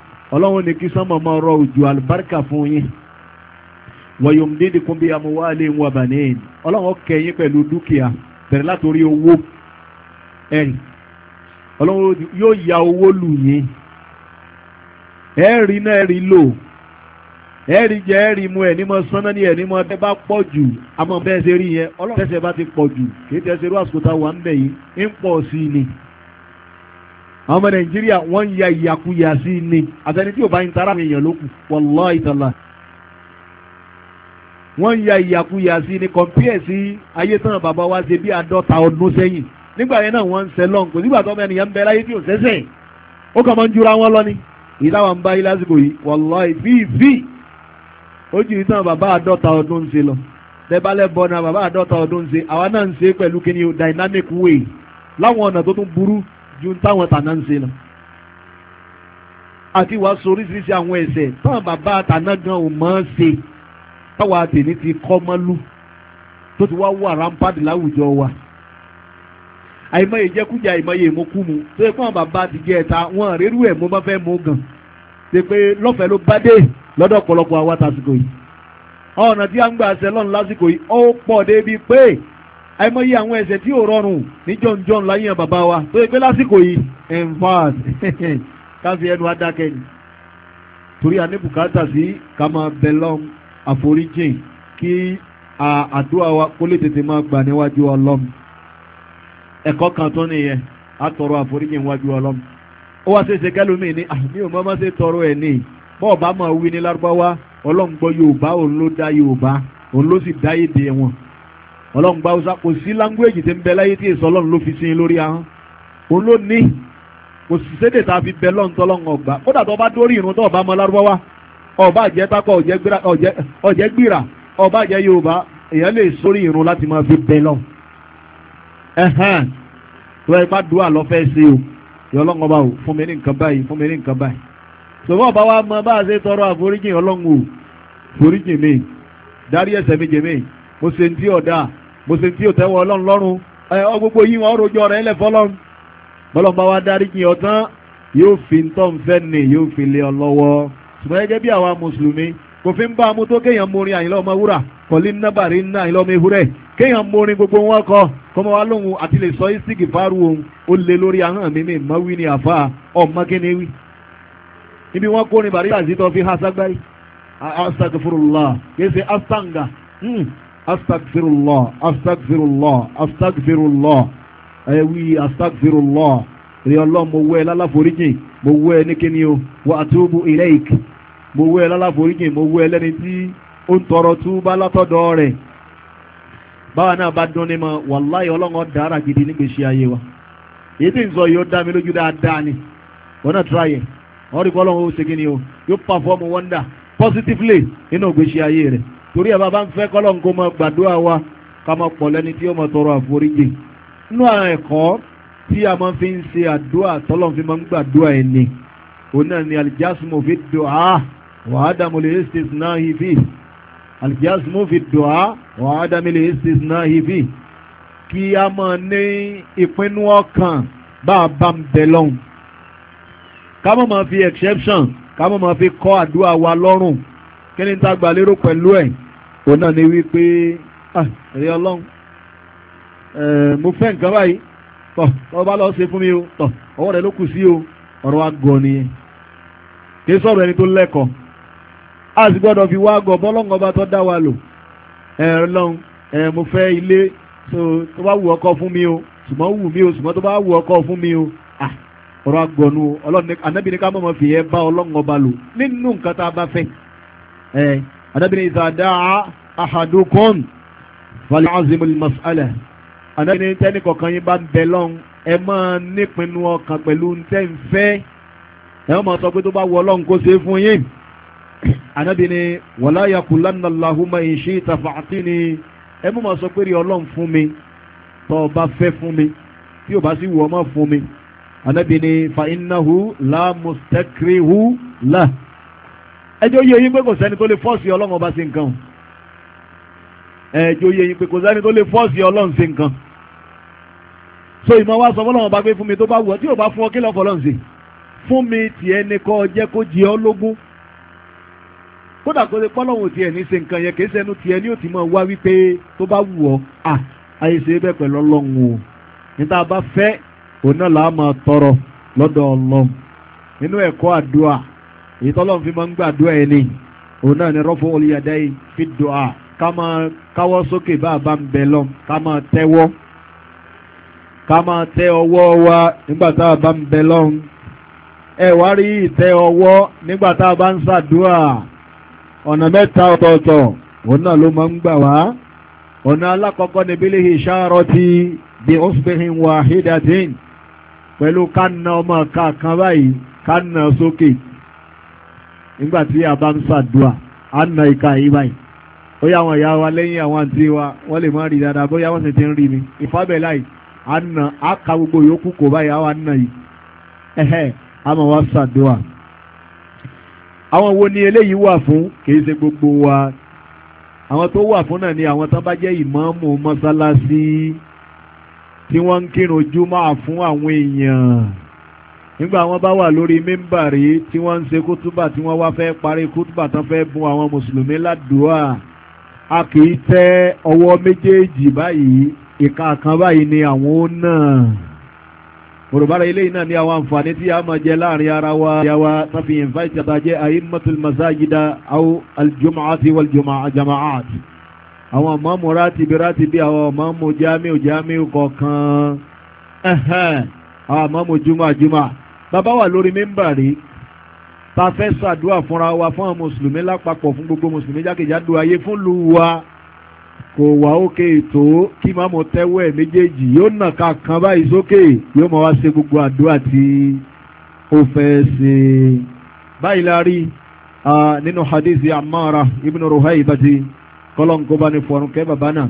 A: ọlọ́run ní kí sánmọ̀ máa rọ òjò àlùbáríkà fún yín wọ̀yọ̀m dídì kún bí amúwálé ń wà bàníyìn ọlọ́run kẹyìn pẹ̀lú dúkìá bẹ̀rẹ̀ látòrí owó ẹ̀rì ọlọ́run yóò ya owó lù yín ẹ̀rì náà ẹ̀rì lò ẹ̀rì jẹ́ ẹ̀rì mu ẹ̀ ní mọ sánná ní ẹ̀ ní mọ ẹ bá pọ̀ jù àmọ́ bẹ́ẹ̀ ṣe rí yẹn ọlọ́run tẹ̀sẹ̀ bá ti pọ̀ jù kì í tẹ̀sẹ̀ rú àsìkò ni. àwọn ọmọ nàìjíríà ya ìyàkuyà sí ni àtẹni tí ò bá ń tara àwọn èèyàn lókù ya ìyàkuyà sí ni kọ̀m̀pìẹ̀ sí ayé bàbá wa ṣe bí àádọ́ta ọdún sẹ́yìn nígbà yẹn náà wọ́n ń sẹ́ lọ́n kò sígbà tó mẹ́rin yẹn ń bẹ láyé tí ò ó kàn máa ń jura wọn lọ ni ìdáwà bá yí lásìkò yìí wàláì fífíì ó jù bàbá àádọ́ta ọdún ń ṣe lọ náà bàbá ọdún ń ṣe àwa náà ń ṣe dynamic way láwọn ọ̀nà tó tún burú ju táwọn tàná ń ṣe lọ àti wàá sọ oríṣiríṣi àwọn ẹ̀ṣẹ̀ táwọn bàbá tàná gan ò mọ̀ ọ́n ṣe táwọn àtẹ̀ní ti kọ́ mọ́lú tó ti wá wà rámpádì láwùjọ wa àìmọye jẹkújẹ àìmọye ìmọkúmu tó yẹ kó àwọn bàbá ti jẹ ẹta wọn rírú ẹ mo bá fẹ́ mú gan ṣe pé lọ́fẹ̀ẹ́ ló bá dé lọ́dọ̀ ọ̀pọ̀lọpọ̀ àwa tàsìkò yìí ọ̀nà tí a ń gbà ṣẹlọ́n àìmọye àwọn ẹ̀ṣẹ̀ tí ò rọrùn ní jọ̀njọ̀n láyé bàbá wa tó yẹ pé lásìkò yìí in fact [LAUGHS] káfí ẹnu adákẹ́ ni torí a ní bùkátà sí ká máa bẹ àforíjìn kí àdúrà wa kó lè tètè máa gbà níwájú ọlọ́m ẹ̀kọ́ kan tó nìyẹn á tọrọ àforíjìn níwájú ọlọ́m ó wá ṣe ṣe kẹ́lómi ní àmì ah, ò máa ṣe tọrọ ẹ̀ ní bọ́ọ̀ bá máa wí ní lárúbáwá ọlọ́ngbọ́ Yorùbá òun ló dá Yorùbá òun ló sì dá èdè wọn ọlọ́run gba ọsà kò sí language tí ń bẹ láyé tí èso ọlọ́run ló fi sin lórí ahọ́n òun ló ní kò sì sédè tá a fi bẹ lọ́run tọ́lọ́run ọgbà kódà tó bá dórí irun tó ọba mọ lárúbáwá ọba àjẹ takọ ọjẹ gbìrà ọba àjẹ yorùbá èèyàn lè sórí irun láti máa fi bẹ lọ ẹhàn tó ẹ bá dùn àlọ́fẹ́ sí o yọlọ́run ọba o fún mi ní nǹkan báyìí fún mi ní nǹkan báyìí sọ̀rọ̀ ọba wa mọ bá a ṣe tọrọ àforíjì ọlọ́run o foríjì mi bó ṣe tí ò tẹ́wọ́ ọlọ́run lọ́rùn ọ gbogbo yìí wọn rojọ́ rẹ̀ ńlẹ̀ fọlọ́run bọ́lọ́n bá wa darí kí yóò fi tán fẹ́ ni yóò fi lé ọ lọ́wọ́ ṣùgbọ́n gẹ́gẹ́ bí àwa mùsùlùmí kò fi ń bá amú tó kéèyàn morin àyìnlá ọmọ wúrà àyìnlá ọmọ gbogbo wọn kọ kọmọ wa lóhun àti lè sọ ìsìkì fáru ohun ó lé lórí ahọ́n mi mi wí ni àfa ọmọ astagfirullah astagfirullah astagfirullah ẹ wí astagfirullah rí ọlọ́run mo wẹ́ ẹ lálàforíjìn mo wẹ́ ẹ níkíní o wà á túbú ilayk mo wẹ́ ẹ lálàforíjìn mo wẹ́ ẹ lẹ́ni tí ó ń tọrọ túbá látọ̀dọ̀ rẹ̀ báwa náà bá dún ní mọ wàláyé ọlọ́run dára gidi nígbèsí ayé wa èyí tí ń sọ yìí torí ẹ̀ bàbá ń fẹ́ kọ́lọ̀ nǹkó máa gbàdúrà wa ká máa pọ̀ lẹ́ni tí ó máa tọrọ àforíjì nínú àwọn ẹ̀kọ́ tí a máa fi ń ṣe àdúrà tọ́lọ̀ fi máa ń gbàdúrà ẹ̀ ni òun náà ni aljasmo fi dùá wà á dàmúlé estes náà yìí fi aljasmo fi dùá wà á dàmúlé estes náà yìí fi kí a máa ní ìpinnu ọkàn bá a bá ń bẹ lọ́hùn ká má máa fi exception ká má máa fi kọ́ àdúrà wa lọ́rùn kí ni tá gbà lérò pẹ̀lú ẹ̀ òun náà ni wípé ah, ẹ̀rẹ́ ọlọ́run mo fẹ́ nǹkan báyìí tọ̀ lọ́wọ́ bá lọ́ọ́ ṣe fún mi o tọ̀ ọwọ́ rẹ̀ ló kù sí o ọ̀rọ̀ àgọ̀ nìyẹn kì í sọ̀rọ̀ ẹni tó lẹ́kọ̀ọ́ a sì gbọ́dọ̀ fi wá àgọ̀ bọ́lọ́ngàn bá tọ́ dá wa lò ẹ̀rẹ́ ọlọ́run mo fẹ́ ilé tó bá wù ọkọ fún mi o ṣùgbọ́n wù mí o ṣùgbọ́n tó bá wù ọkọ fún mi o ah, ọ̀rọ̀ àgọ̀ ọlọ́run anábìnrin ká mọ̀ mọ́ fi bá ọlọ́ngàn lò nínú nǹkan tá a bá fẹ́ anábìnrin ìzàdá ahadukum falẹ̀ azimul mas'ala anábìnrin tẹ́ni kọ̀ọ̀kan yín bá ń bẹ lọ́hùn ẹ máa nípinnu ọkàn pẹ̀lú tẹ́ ń fẹ́ ẹ máa sọ pé tó bá wọ ọlọ́run kó ṣe fún yín anábìnrin wala yaqulanna Allahumma in shi'ta fa'tini ẹ mú máa sọ pé fa innahu la mustakrihu lah ẹjọ́ yé yín pé kò sẹ́ni tó lè fọ́ọ̀sì ọlọ́run ọba ṣe nǹkan ẹjọ́ yé yín pé kò sẹ́ni tó lè fọ́ọ̀sì ọlọ́run ṣe nǹkan so ìmọ̀ wa sọ fọlọ́run ọba pé fún mi tó bá wù ọ́ tí ò bá fún ọ kí lọ́ fọlọ́run ṣe fún mi tiẹ̀ ni kọ́ jẹ́ kó jẹ ọ́ lógún kódà kó lè pọ́lọ́run tiẹ̀ ní ṣe nǹkan yẹn kì í ṣẹnu tiẹ̀ ní òtí máa wá wípé tó bá wù ọ́ à ayé ṣe bẹ́ẹ̀ pẹ̀lú ọlọ́run o níta bá fẹ́ òun náà làá máa tọrọ lọ́dọ̀ ọlọ́run nínú ẹ̀kọ́ àdúrà èyí tọ́lọ́run fi máa ń gbàdúrà ẹni òun náà ni rọ́fọ́ olùyàdá yìí fi dùà ká máa káwọ́ sókè bá a bá ń bẹ lọ́n ká máa tẹ́wọ́ ká máa tẹ ọwọ́ wa nígbà tá a bá ń bẹ lọ́n ẹ wá rí ìtẹ ọwọ́ nígbà tá a bá ń ṣàdúrà ọ̀nà mẹ́ta ọ̀tọ̀ọ̀tọ̀ òun náà ló máa ń gbà wá ọ̀nà alákọ̀ọ́kọ́ ni bílẹ̀ ìṣàrọ̀ ti bí ọ̀sùnfẹ̀hìn wà pẹ̀lú ká ọmọ ká báyìí ká sókè. So nígbà tí a bá ń ṣàdúà á na ìka yìí báyìí ó yá àwọn ìyá wa lẹ́yìn àwọn àǹtí wa wọ́n lè má rí dáadáa bóyá wọ́n sì ti ń rí mi ìfábẹ́ láì á na á ka gbogbo yòókù kò báyìí á wà na yìí ẹ̀hẹ́ á máa wá ṣàdúà. àwọn wo ni eléyìí wà fún kì í ṣe gbogbo wa àwọn tó wà fún náà ni àwọn tó bá jẹ́ ìmáàmù mọ́sálásí tí wọ́n ń kírun júmọ́ fún àwọn èèyàn nígbà wọn bá wà lórí mímbàrí tí wọ́n ń ṣe kútúbà tí wọ́n wá fẹ́ parí kútúbà tán fẹ́ bùn àwọn mùsùlùmí ládùúà a kì í tẹ́ ọwọ́ méjèèjì báyìí ìka kan báyìí ni àwọn ó náà òrùbára ilé iná ní àwọn àǹfààní tí a máa jẹ láàrin ara wa yàwá tàbí ìfàìsì àtàjẹ àyímọ̀tul masajida aw aljumu'ati wal jama'at àwọn mọ́mù rátìbí rátìbí àwọn mọ́mù jámíù jámíù kọ̀ọ̀kan àwọn mọ́mù jùmọ̀ jùmọ̀ bàbá wà lórí mímbà rí ta fẹ́ ṣàdúrà fúnra wa fún àwọn mùsùlùmí lápapọ̀ fún gbogbo mùsùlùmí jákèjádò ayé fún lu wa kò wá òkè ètò kí màmú tẹ́wọ́ ẹ̀ méjèèjì yóò nà ká kan báyìí sókè yóò máa wá ṣe gbogbo àdúrà tí ó fẹ́ ṣe. báyìí la rí nínú hadith amara ibn ruhaybati kọ́lọ́nkóbá ní fọ̀rùnkẹ́ bàbá náà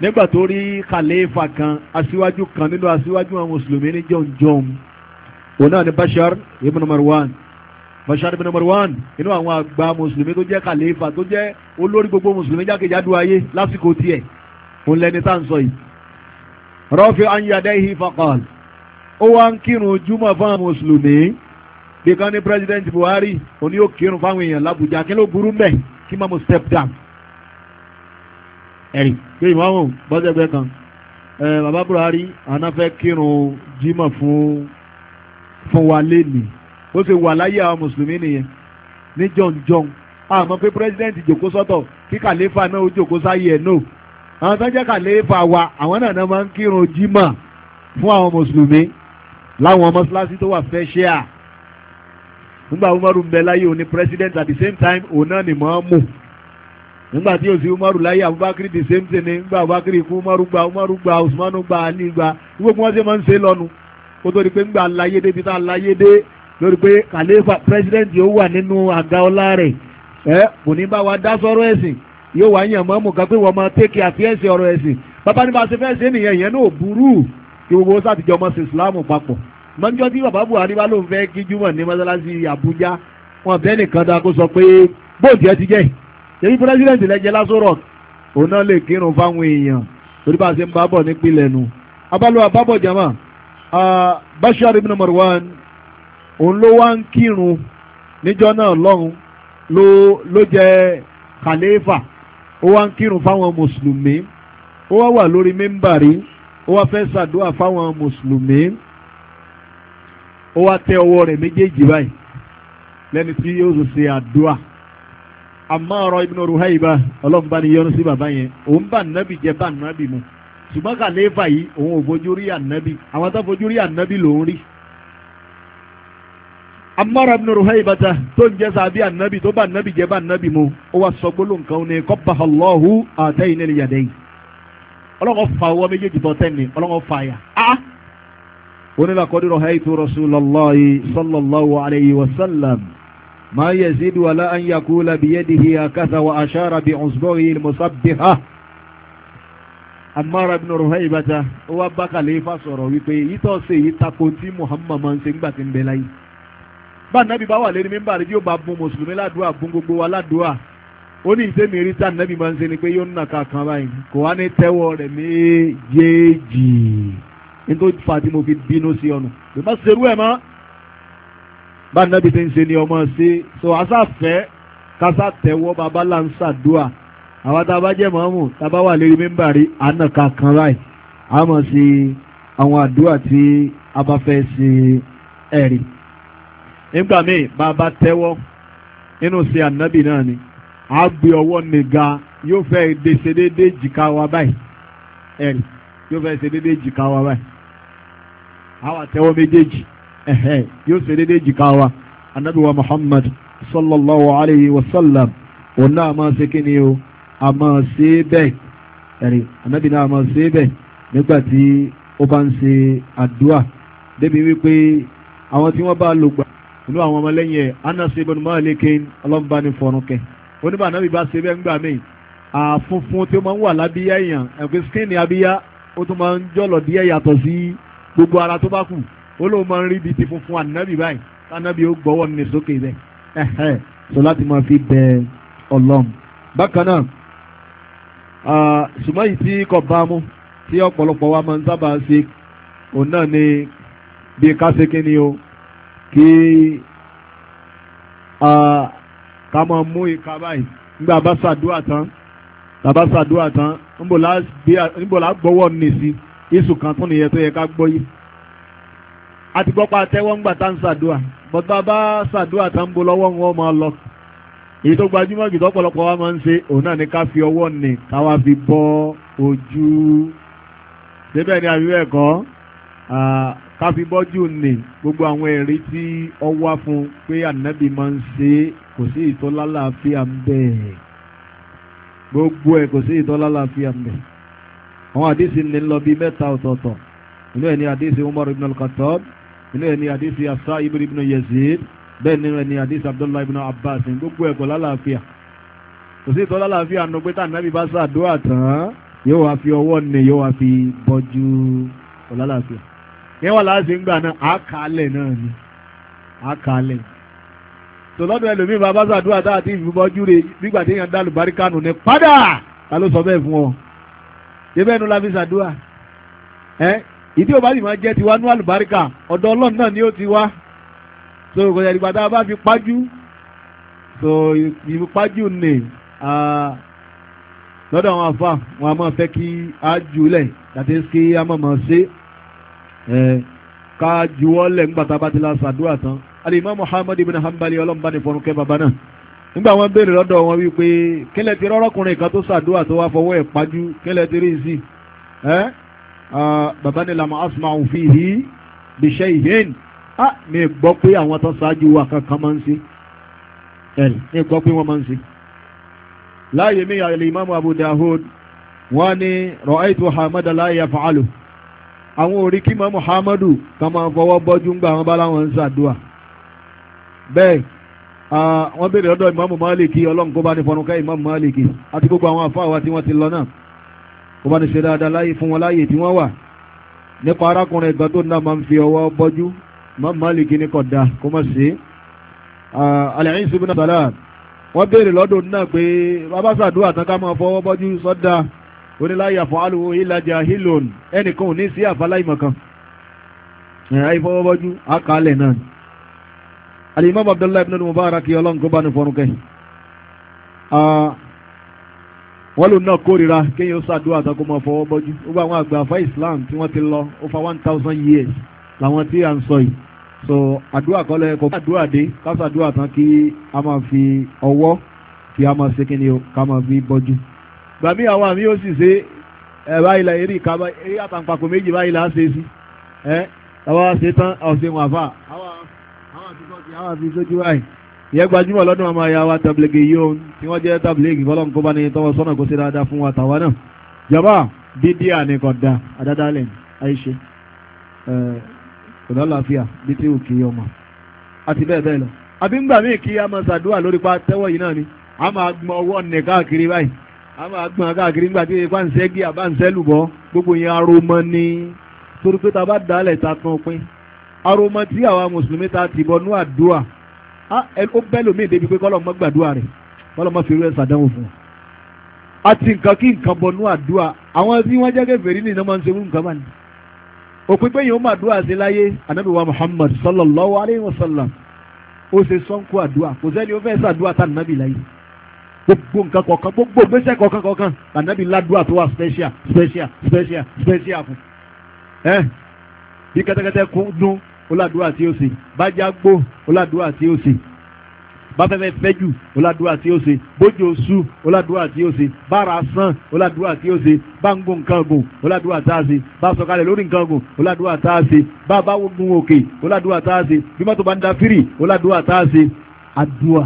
A: nígbà tó rí kàlééfà kan aṣíwájú kan nínú aṣíwájú àwọn mùsùlùmí ní jọ̀ǹjọ̀ǹ òun náà ni Bashar ibn Marwan Bashar ibn Marwan inú àwọn àgbà mùsùlùmí tó jẹ́ kàlífà tó jẹ́ olórí gbogbo mùsùlùmí jákèjádò ayé lásìkò tiẹ̀ òun lẹni tá à ń sọ yìí rọ́fì anyadẹ́hì faqal ó wá ń kírun júmọ̀ fáwọn mùsùlùmí bí kan ní president Buhari òun yóò kírun fáwọn èèyàn l'Abuja kí ló burú mẹ́ kí mọ́mú step down ẹ̀rì pé ìmọ̀ràn bọ́sẹ̀ fẹ́ kan bàbá Buhari àná fẹ́ kírun jímọ̀ fún fún wa lẹ́nu ó ṣe wà láyé àwọn mùsùlùmí nìyẹn ní jọ̀njọ̀n àmọ́ pé president jòkó sọ́tọ̀ kí kàlífà náà ó jòkó sáyé ẹ̀ náà àwọn tó ń jẹ́ kàlífà wa àwọn náà náà máa ń kírun jímà fún àwọn mùsùlùmí láwọn mọ́ṣáláṣí tó wà fẹ́ ṣe à nígbà umaru ń láyé òní president at the same time òun náà ni màá mú nígbà tí òsì umaru láyé abubakar the same thing ni nígbà abubakar ikú umaru gba umaru gba usmanu gba ali gba gbogbo wọn ṣe máa ń ṣe lọ́nu kó tó di pé ńgbà láyédé bí tá láyédé lórí pé kàléfà pírẹsidẹ́ǹtì ó wà nínú àga ọlá rẹ̀ ẹ kò ní bá wa dá sọ́rọ̀ ẹ̀sìn yóò wá yàn mọ́ mọ̀ kan pé wọ́n máa tẹ́kì àfíẹ́sì ọ̀rọ̀ ẹ̀sìn bàbá ní bá ṣe fẹ́ẹ́ ṣe nìyẹn ìyẹn náà burú kí gbogbo sátìjọ́ ọmọ sí ìsìláàmù papọ̀ mọ́jọ́ tí bàbá Buhari bá lóun fẹ́ kí júmọ̀ ní mọ́sálásí Àbújá wọn bẹ́ẹ̀ nìkan dáa kó sọ pé bóòtù ẹ ti jẹ́ ṣèyí pírẹ́sidẹ̀ntì lẹ́jẹ́ lásòrọ̀ òun náà lè kírun fáwọn èèyàn torí bá ṣe ń bábọ̀ nípìnlẹ̀ nu abálò àbábọ̀ jama Ah, Bashar ibn Marwan òun ló wá ń kírun níjọ́ náà lọ́hùn ló ló jẹ́ khalifa ó wá ń kírun fáwọn mùsùlùmí ó wá wà lórí mímbàrí ó wá fẹ́ ṣàdúrà fáwọn mùsùlùmí ó wá tẹ ọwọ́ rẹ̀ méjèèjì báyìí lẹ́ni tí yóò sì ṣe àdúrà Ammar ibn Ruhayba ọlọ́mùbá ni yọnu sí bàbá yẹn òun bá nàbì jẹ́ bá nàbì mu ṣùgbọ́n kàléfà yìí òun ò fojú rí ànábì àwọn tó fojú rí ànábì lòún rí amara ibn ruhaibata tó ń jẹ́ sàbí ànábì tó bá ànábì jẹ́ bá ànábì mu ó wá sọ gbólóhùn kan ní qabbaha Allahu atayna al-yadayn ọlọ́kọ̀ fa owó méjèèjì tó tẹ́ni ọlọ́kọ̀ fa àyà á onílà kọ́ dúró haytu rasulallahi sallallahu alayhi wa sallam ma yazidu wala an yakula biyadihi akasa wa ashara bi usbuhi al-musabbiha amara bin ruhaibata ó wá bá kàlífà sọ̀rọ̀ wípé yítọ́ ṣe èyí tako tí muhammad máa ń ṣe nígbà tí ń bẹ láyé bá nàbí bá wà lórí mímbà rí yóò bá bùn mùsùlùmí ládùúà bùn gbogbo wa ládùúà ó ní ìtẹ́mi rí tá nàbí máa ń ṣe ni pé yóò nà kankan báyìí kò wá ní tẹ́wọ́ rẹ̀ méjèèjì nítorí fa tí mo fi bínú sí ọ̀nà bí má ṣerú ẹ̀ mọ́ bá nàbí ti ń ṣe ni ọmọ ṣe so asáfẹ́ kásá tẹ́wọ́ babalá ń ṣàdúà àwọn tá a bá jẹ́ mọ́mù tá a bá wà lérí mímbàrí ànàkà kan láì a mọ̀ sí àwọn àdúrà tí a bá fẹ́ ṣe ẹ̀rí nígbà míì bá a bá tẹ́wọ́ nínú sí ànábì náà ni a gbé ọwọ́ nìga yóò fẹ́ ṣe déédé jìká wa báyìí ẹ̀rí yóò fẹ́ ṣe déédé jìká wa báyìí àwọn àtẹ́wọ́ méjèèjì ẹ̀hẹ́ yóò ṣe déédé jìká wa ànábì wa Muhammad sallallahu alayhi wa sallam òun náà ṣe kí ni o àmọ́ ṣe bẹ́ẹ̀ ẹ̀rì ànábì náà àmọ́ ṣe bẹ́ẹ̀ nígbà tí ó bá ń ṣe àdúà débi wípé àwọn tí wọ́n bá lò gbà inú àwọn ọmọlẹ́yìn ẹ̀ Anas ibn Malik ọlọ́mbà ní fọ̀rùnkẹ́ onímọ̀ ànábì bá ṣe bẹ́ẹ̀ ńgbà míì àfunfun tí ó máa ń wà lábíyá èèyàn ẹ̀gbẹ́ skin abíyá ó tún máa ń jọ̀lọ̀ díẹ̀ yàtọ̀ sí gbogbo ara tó bá kù ó lóun máa ń rí ibi ti funfun ànábì báyìí ànábì ó gbọ́wọ́ ní sókè bẹ́ẹ̀ ẹ̀hẹ́ sọ láti máa fi bẹ ọlọ́run bákan náà Ah, ṣùgbọ́n yìí tí kò bá mú tí ọ̀pọ̀lọpọ̀ wa máa ń sábà ṣe òun náà ni bí ká ni o kí ah, ká máa mú ìka báyìí nígbà bá ṣàdúrà tán bàbá ṣàdúrà tán níbo la gbọ́wọ́ nìsí iṣu kan tún nìyẹn tó yẹ ká gbọ́ yìí a ti gbọ́ pa àtẹ́wọ́ ńgbà tá ń ṣàdúrà bọ́tà bá ṣàdúrà tán ń bo lọ́wọ́ wọn máa lọ kù èyí tó gbajúmọ̀ jù tọ́pọ̀lọpọ̀ wa máa ń ṣe òun náà ni ká fi ọwọ́ ni káwa fi bọ́ ojú débẹ̀ ni àbí bẹ́ẹ̀ kọ́ ká fi bọ́jú ni gbogbo àwọn ẹ̀rí tí ọ wá fún pé ànábì máa ń ṣe kò sí ìtọ́lálàáfíà ń bẹ̀ gbogbo ẹ̀ kò sí ìtọ́lálàáfíà ń bẹ̀ àwọn àdìsí ni lọ bíi mẹ́ta ọ̀tọ̀ọ̀tọ̀ inú ẹ̀ ni àdìsí Umar ibn al-Khattab inú ẹ̀ ni àdìsí Asa ibn ibn Yazid bẹ́ẹ̀ ni rẹ̀ ni hadith abdullahi ibn abbas gbogbo ẹ̀kọ́ lálàáfíà kò sí ìtọ́ lálàáfíà nù pé tànàbí bá ṣàdúrà tán yóò wá fi ọwọ́ ni yóò wá fi bọ́jú ọ̀làlàáfíà yẹn wà láti ń gbà náà àkàálẹ̀ náà ni àkàálẹ̀ tòlọ́dọ̀ ẹlòmíì bàbá ṣàdúrà tá àti ìfibọ́jú rẹ̀ nígbà tí èèyàn dálù baríkánu ni padà ta ló sọ bẹ́ẹ̀ fún ọ débẹ́ nu la fi ṣàdúrà ẹ ìdí ò bá sì máa jẹ́ tiwa nú àlùbáríkà ọ̀dọ̀ ọlọ́run náà ni ó ti wá so kò yẹ ìgbà tá a bá fi pájú so ìfi pájú nì lọ́dọ̀ àwọn afa wọn a máa fẹ́ kí a jùlẹ̀ àti kí a máa máa ṣe ká juwọ́ lẹ̀ ńgbà tá a bá ti la ṣàdúrà tán alimá Muhammad ibn Hanbali ọlọ́mùbá ní fọnù kẹ́ bàbá náà nígbà wọn béèrè lọ́dọ̀ wọn wípé kílẹ̀ ti rọ́rọ́kùnrin kan tó ṣàdúrà tó wá fọwọ́ ẹ̀ pájú kílẹ̀ ti rí sí bàbá ní làmú asma'u fihi bi shay'in á ah, mi gbọ́ pé àwọn tó ṣáájú wa kankan máa ń ṣe ẹ̀rì mi gbọ́ pé wọ́n máa ń ṣe láàyè mi àlè imáàmù Abu Dawud wọ́n ní rọ̀ẹ́tù Muhammad aláyà fàálù àwọn orí kí Muhammadu kan máa fọwọ́ bọ́jú ńgbà wọn bá láwọn ń ṣàdúà bẹ́ẹ̀ wọ́n bèèrè lọ́dọ̀ Imamu Maliki ọlọ́run kó bá ní fọnù ká Imamu Maliki àti gbogbo àwọn àfáà wa tí wọ́n ti lọ náà kó bá ní ṣe dáadáa láyé fún wọn láyé tí wọ́n wà nípa arákùnrin ìgbà tó náà máa ń fi ọwọ́ bọ́jú mọ́mọ́lìkì ní kọ̀dá kó mọ̀ sí alẹ́yìn síbi náà sọ́lá wọ́n béèrè lọ́dọ̀ náà pé bàbá sàdúrà tán ká máa fọwọ́ bọ́jú sọ́dá oníláyà fún aluwo ìlàjà hilon ẹnìkan ò ní sí àfàláìmọ̀ kan àìfọwọ́ bọ́jú náà alimam abdullahi ibn mubarak ọlọ́run kó bá ní fọrùn kẹ́ wọ́n lò náà kórìíra kéèyàn sàdúrà tán kó máa fọwọ́ bọ́jú ó bá àwọn àgbà àfá islam tí wọ́n ti lọ ó fa one thousand years làwọn tí a ń sọ yìí so àdúrà kọ́lẹ̀ kò bá àdúrà dé káṣà àdúrà tán kí a máa fi ọwọ́ kí a máa ṣe kí ni o ká máa fi bọ́jú. gbàmí àwọn àmì yóò sì ṣe ẹ báyìí la eré ìka eré àtàǹpàkò méjì báyìí la ṣe sí ẹ àwọn àṣe tán ọ̀sẹ̀ wọn àfà àwọn àtúntò ti àwọn àfi sójú báyìí. ìyẹn gbajúmọ̀ lọ́dún àmọ́ ayá wa tablege yìí ohun tí wọ́n jẹ́ tablege fọlọ́n kó bá ní tọwọ́ sọ́nà kó ṣe dáadáa fún wa tàwa náà. jọba dídí àníkọ̀dá àdádálẹ̀ àìṣe kò lálàáfíà bí tí ò kí ọmọ àti bẹ́ẹ̀ bẹ́ẹ̀ lọ. àbí ń gbà míì kí a máa ṣàdúrà lórí pa tẹ́wọ́ yìí náà ni a máa gbọ́n ọwọ́ nẹ̀ káàkiri báyìí a máa gbọ́n káàkiri nígbà tí ipa ń sẹ́ gí àbá ń sẹ́ lùbọ́ gbogbo yẹn aromọ ni torí pé ta bá dálẹ̀ ta kan pín aromọ tí àwa mùsùlùmí ta ti bọ nú àdúrà ó bẹ́ lómi débi pé kọ́lọ́ mọ́ rẹ̀ kọ́lọ́ òpin pé yìí ó máa dúà sí láyé ànábì wa Muhammad sallallahu alayhi wa sallam ó ṣe sọ́nkú àdúà kò sẹ́ni ó fẹ́ sàdúà tá ànábì láyé gbogbo nǹkan kọ̀ọ̀kan gbogbo gbèsè kọ̀ọ̀kan kọ̀ọ̀kan ànábì ládùúà tó wà special special special special fún ẹ bí kẹ́tẹ́kẹ́tẹ́ kún dún ó ládùúà tí ó sì bájá gbó ó ládùúà tí ó sì báfẹ́fẹ́ fẹ́jù oládùúrà tí ó ṣe bójú oṣù oládùúrà tí ó ṣe bára sán oládùúrà tí ó ṣe bá ń gùn nǹkan gùn oládùúrà tá a ṣe bá sọ̀kalẹ̀ lórí nǹkan gùn oládùúrà tá a ṣe bá a bá gun òkè oládùúrà tá a ṣe bí mọ́tò bá ń da fírì oládùúrà tá a ṣe àdúà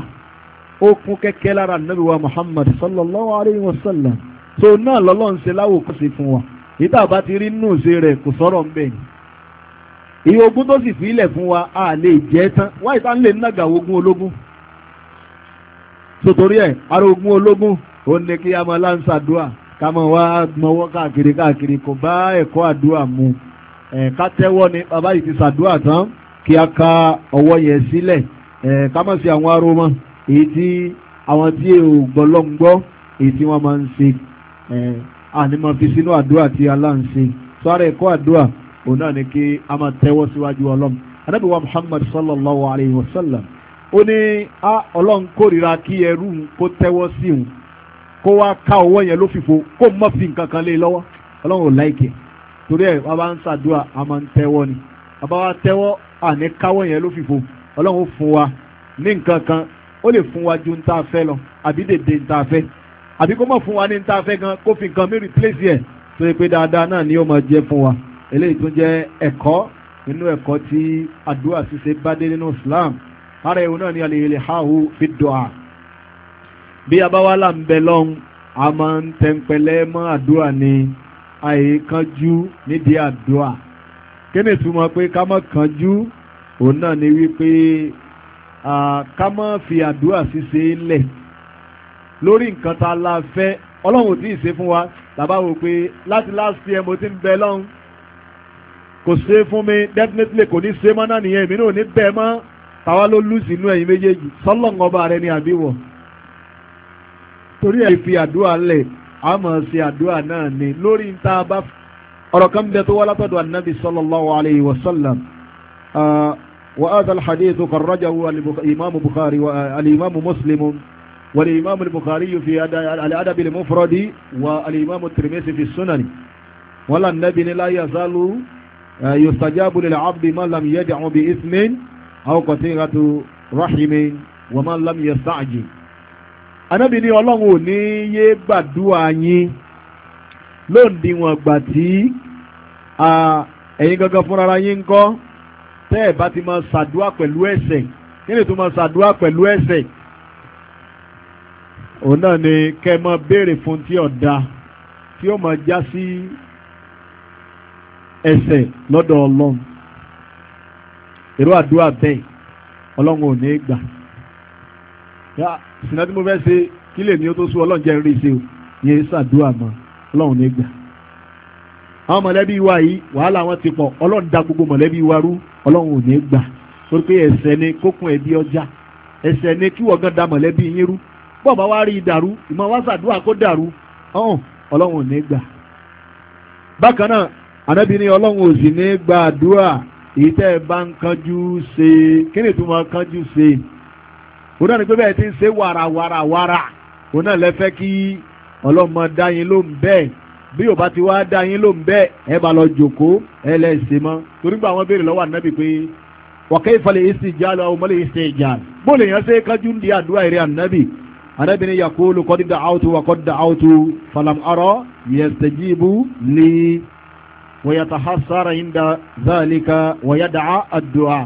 A: ó kẹ́kẹ́ lára nàbí wa Muhammad sallallahu alayhi wa sallam so náà lọ́lọ́ ń ṣe láwòkọ́ṣe fún wa ìta bá ti rí nù ṣe rẹ̀ tó sì fi ilẹ̀ fún wa a lè jẹ́ tán wáyé tá ń lè nága ogun ológun sotori ẹ̀ e, ara ogun ológun ó ní kí a máa láǹsà ká máa wá gbọ́wọ́ káàkiri káàkiri kò bá ẹ̀kọ́ àdúà mu ẹ̀ ká tẹ́wọ́ ni bàbá yìí ti sàdúà tán kí a ka ọwọ́ yẹn sílẹ̀ ẹ̀ ká má sí àwọn aró mọ́ èyí tí àwọn tí ò gbọ́lọ́ngbọ́ èyí tí wọ́n máa ń ṣe ẹ̀ ànímọ̀ fi sínú àdúà tí aláǹṣe sọ́ra ẹ̀kọ́ àdúà òun náà ni kí a máa tẹ́wọ́ síwájú ọlọ́run anábìwá Muhammad sallallahu alayhi wa sallam ó ní á ọlọ́run kórìíra kí ẹrú kó tẹ́wọ́ sí òun kó wá ká ọwọ́ yẹn ló fìfo kó mọ̀ fi nǹkan kan lé e lọ́wọ́ ọlọ́run ò láìkẹ́ torí ẹ̀ bàbá ń ṣàdúrà a máa ń tẹ́wọ́ ni bàbá wa tẹ́wọ́ àní káwọ́ yẹn ló fìfo ọlọ́run ó fún wa ní nǹkan kan ó lè fún wa ju ń tá a fẹ́ lọ àbí dèdè ń tá a fẹ́ àbí kó mọ̀ fún wa ní ń tá a fẹ́ gan kó fi nǹkan mi replace ẹ̀ tó yẹ pé dáadáa náà ni ó máa jẹ́ fún wa eléyìí tó jẹ́ ẹ̀kọ́ nínú ẹ̀kọ́ tí àdúrà ṣíṣe bá dé nínú Islam ara ẹ̀wọ̀n náà ni a lè lè háhù fi dùà bí a bá wá là ń bẹ lọ́n a máa ń tẹ̀pẹ̀lẹ́ mọ́ àdúrà ni àìkánjú nídìí àdúrà kí ni ìtumọ̀ pé ká má kánjú òun náà ni wípé ká má fi àdúrà ṣíṣe lẹ̀ lórí nǹkan tá a la fẹ́ ọlọ́run ò tí ì ṣe fún wa làbá wò pé láti last year mo ti ń bẹ lọ́n kò ṣe fún mi definitely kò ní ṣe mọ́ náà nìyẹn èmi náà ò ní bẹ́ẹ̀ mọ́ tàwa ló lù sínú ẹ̀yin méjèèjì sọ́lọ́ǹgọ́ bá rẹ ní àbíwọ̀ torí ẹ̀ fi àdúrà lẹ̀ a máa ṣe àdúrà náà ni lórí ń tá a bá ọ̀rọ̀ kan bẹ tó wá látọ̀dọ̀ ànábì sallallahu alayhi wa sallam wa hadha al-hadith kharrajahu al-imam bukhari wa al-imam muslim wa al fi al-adab al wa al-imam fi as wala an-nabi la yazalu yustajabu lil-'abdi ma lam yad'u bi ithmin aw qatiratu rahimin wa man lam yasta'jil anábì ní ọlọ́run ò ní yé gbàdúrà yín lóǹdíwọ̀n gbà tí ẹ̀yin gangan fúnra yín ń kọ́ tẹ́ ẹ̀ bá ti máa ṣàdúrà pẹ̀lú ẹ̀ṣẹ̀ kí tó máa ṣàdúrà pẹ̀lú ẹ̀ṣẹ̀ òun náà ni kẹ́ ẹ béèrè fún tí ọ̀dà tí ó máa já sí ẹ̀ṣẹ̀ lọ́dọ̀ ọlọ́run èrò àdúrà bẹ́ẹ̀ ọlọ́run ò ní í gbà yá sinadi mo fẹ́ ṣe kí lè ní o tó sú ọlọ́run jẹ́ rí ṣe o yẹn ṣàdúrà mọ́ ọlọ́run ní í gbà àwọn mọ̀lẹ́bí wa yìí wàhálà wọn ti pọ̀ ọlọ́run da gbogbo mọ̀lẹ́bí wa rú ọlọ́run ò ní í gbà torí pé ẹ̀ṣẹ̀ ni kókun ẹ̀bí ọjà ẹ̀ṣẹ̀ ni kí wọ́n gan da mọ̀lẹ́bí yín rú bọ́ọ̀ bá wá rí i dàrú ìmọ̀ wá ṣàdúrà kó dàrú ọ̀hún ọlọ́run ò ní í gbà èyí tẹ́ ẹ bá ń kánjú ṣe kí ni ìtumọ̀ kánjú ṣe òun náà ni pé bẹ́ẹ̀ ti ń ṣe wàràwàràwàrà òun náà lẹ́fẹ́ kí ọlọ́mọ dá yín ló ń bẹ́ẹ̀ bí ò bá ti wá dá yín ló ń bẹ́ẹ̀ ẹ bá lọ jòkóó ẹ lẹ́sẹ̀ mọ́ torí gbà wọ́n béèrè lọ́wọ́ ànábì pé wọ̀kẹ́ ìfọlẹ̀ ìsì ìjà lọ àwọn ọmọlẹ̀ ìsì ìjà bóòlù yẹn ṣe kánjú ń di àdúrà eré ànábì ànábì ni yakulu qad da'awtu wa qad da'awtu falam ara yastajibu li wọ̀yàtàhására ìndà záàlíkà wọ̀yàdà àdùá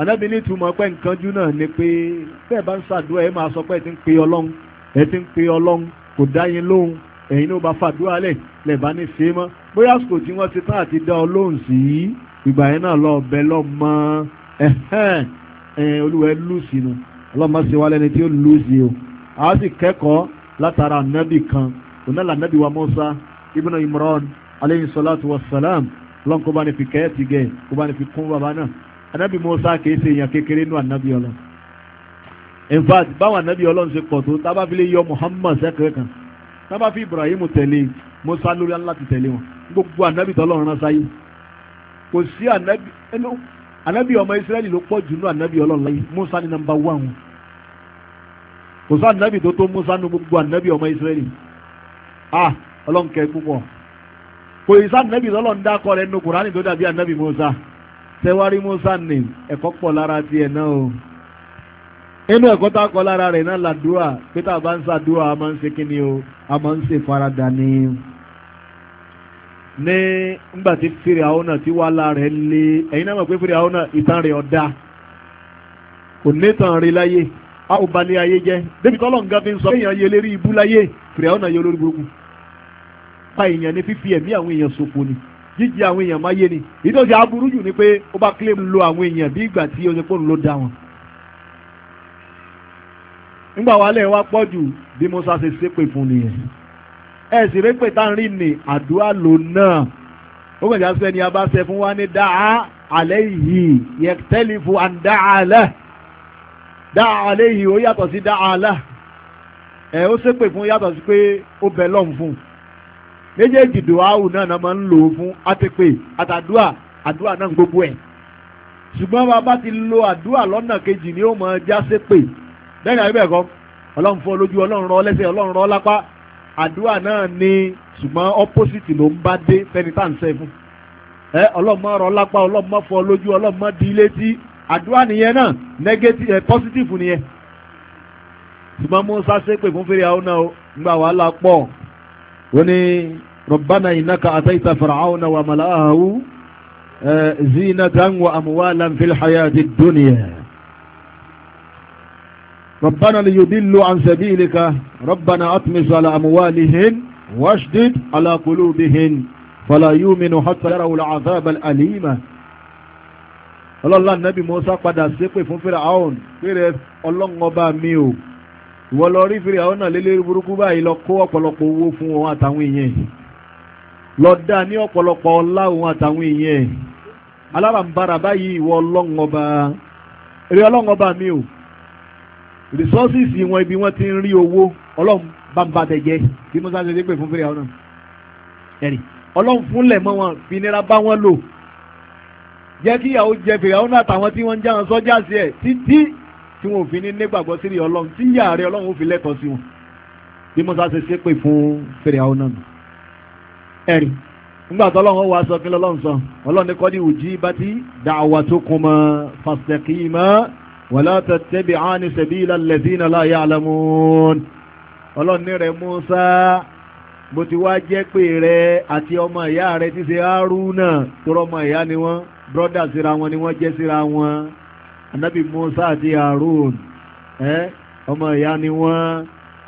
A: anábì ní ìtumọ̀ pé nkanjú náà ni pé bẹ́ẹ̀ bá ń ṣàdúrà ẹ máa sọ pé ẹ ti ń pe ọlọ́run ẹ ti ń pe ọlọ́run kò dá yín lóhùn ẹ̀yin ló bá fàdúrà lẹ̀ lẹ̀ bá ní ṣe mọ́ bóyá àsìkò tí wọ́n ti tán àti dá ọ lóhùn sí ìgbà yẹn náà lọ́ọ́ bẹ lọ́mọ olúwa ẹ lù sí nu ọlọ́mọ ṣe wá lẹ́ni tí ó lù sí o àá sì kẹ́kọ̀ọ́ látara ànábì kan Imran alayhi salatu wa salam lọ́n kó bá ní fi kẹ́ẹ̀ ti gẹ̀ kó bá ní fi kún bàbá náà anábì Musa kìí ṣe èèyàn kékeré nù anábì ọlọ́run in fact báwọn anábì ọlọ́run ṣe pọ̀ tó tábà fi lè yọ Muhammad sẹ́kẹ̀ẹ́ kan tábà fi Ibrahim tẹ̀lé Musa lórí Allah ti tẹ̀lé wọn gbogbo anábì tọ́lọ́run rán sáyé kò sí anábì ẹnu anábì ọmọ Israẹli ló pọ̀ jù nù anábì ọlọ́run láyé Musa ni nàmbà wà wọn kò sí anábì tó tó Musa nù gbogbo anábì ọmọ Israẹli ah ọlọ́run kẹ́ kò yí sáà nẹ́bí lọ́lọ́ ń dákọ̀ rẹ̀ nínú kùránì tó dàbí Musa tẹwárí Musa ní ẹ̀kọ́ pọ̀ lára tiẹ̀ náà o inú ẹ̀kọ́ tá a kọ́ lára rẹ̀ náà làdúrà pé tá a a máa ń se kíni o a máa ń farada ni ní ngbà tí fèrè àwọn náà ti wá lára rẹ̀ lé ẹ̀yin náà mọ̀ pé fèrè àwọn náà ìtàn rẹ̀ ọ̀dà kò rí láyé a balẹ̀ ayé jẹ́ débi fi ń pa èèyàn ní fífi ẹ̀mí àwọn èèyàn ṣòfò ni jíjí àwọn èèyàn máyé ni ìdọ́jú aburú jù ni pé ó bá kílẹ̀ lo àwọn èèyàn bí ìgbà tí oṣù pọ́ùn ló dá wọn. nígbà wàhálẹ̀ wa pọ̀ jù bí Musa ṣe ṣépè fún nìyẹn ẹ sì rẹ́pẹ̀ tá ń rí ni àdúrà lò náà ó gbọ̀dọ̀ sọ ẹni abáṣẹ fún wa ní dáa alẹ́ yìí yẹtẹ́lifù and dáa alẹ́ dáa alẹ́ yìí ó yàtọ̀ sí dáa alẹ́ ẹ ó ṣépè fún yàtọ̀ sí pé ó bẹ̀ lọ́n fún un méjèèjì dùwáwù náà náà máa ń lò ó fún àtẹ̀pè àtàdúà àdúà náà gbogbo ẹ̀ ṣùgbọ́n bàbá ti lo àdúà lọ́nà kejì ni ó máa já sí pè bẹ́ẹ̀ ni àbíbẹ̀ kọ́ ọlọ́run fọ́ lójú ọlọ́run rọ́ lẹ́sẹ̀ ọlọ́run rọ́ lápá àdúà náà ni ṣùgbọ́n opposite ló ń bá dé fẹ́ni tá à ń sẹ́ fún ẹ ọlọ́mọ rọ́ lápá ọlọ́mọ fọ́ lójú ọlọ́mọ di létí àdúà nìyẹn náà negative positive nìyẹn ṣùgbọ́n Mùsá ṣépè fún fèrè àwọn náà nígbà wàhálà pọ̀ وني ربنا إنك أتيت فرعون وملأه آه، زينة وأموالا في الحياة الدنيا ربنا ليضلوا عن سبيلك ربنا أطمس على أموالهن واشدد على قلوبهن فلا يؤمنوا حتى يروا العذاب الأليم الله النبي موسى قد ṣépè فرعون Fáráò الله ìwọ lọ rí fìrí àwọn náà lélẹ́rí burúkú báyìí lọ kó ọ̀pọ̀lọpọ̀ owó fún òun àtàwọn èèyàn ẹ̀ lọ dá ní ọ̀pọ̀lọpọ̀ ọlá òun àtàwọn èèyàn ẹ̀ alábàmbára báyìí ìwọ ọlọ́run ọba eré ọlọ́run ọba mi ò resources wọn ibi wọn ti ń rí owó ọlọ́run bá ba tẹ̀jẹ́ bí musa ṣe dé pè fún fìrí àwọn náà ẹ̀rì ọlọ́run mọ́ wọn fi nira bá wọn lò jẹ́ kí ìyàwó jẹ fìrí àwọn náà àtàwọn tí wọ́n ń já tí wọn ò fi ní nígbàgbọ́ sí rí ọlọ́run tí yà rẹ ọlọ́run ò fi lẹ́tọ̀ọ́ sí wọn bí Mùsá ṣe ṣépè fún fèrè àwọn náà ẹ̀rì nígbà tó ọlọ́run wá sọ kí lọ́lọ́run sọ ọlọ́run ní kọ́dí òjì bá ti da'watukuma fastaqima wala tattabi'ani sabila alladhina la ya'lamun ọlọ́run ní rẹ̀ Mùsá bó ti wá jẹ́ pé rẹ àti ọmọ ìyá rẹ ti ṣe Hárúnà tó rọmọ ìyá ni wọ́n brọ́dà síra wọn ni wọ́n jẹ́ síra wọn anabi musa àti harun ẹ ọmọ ìyá ni wọ́n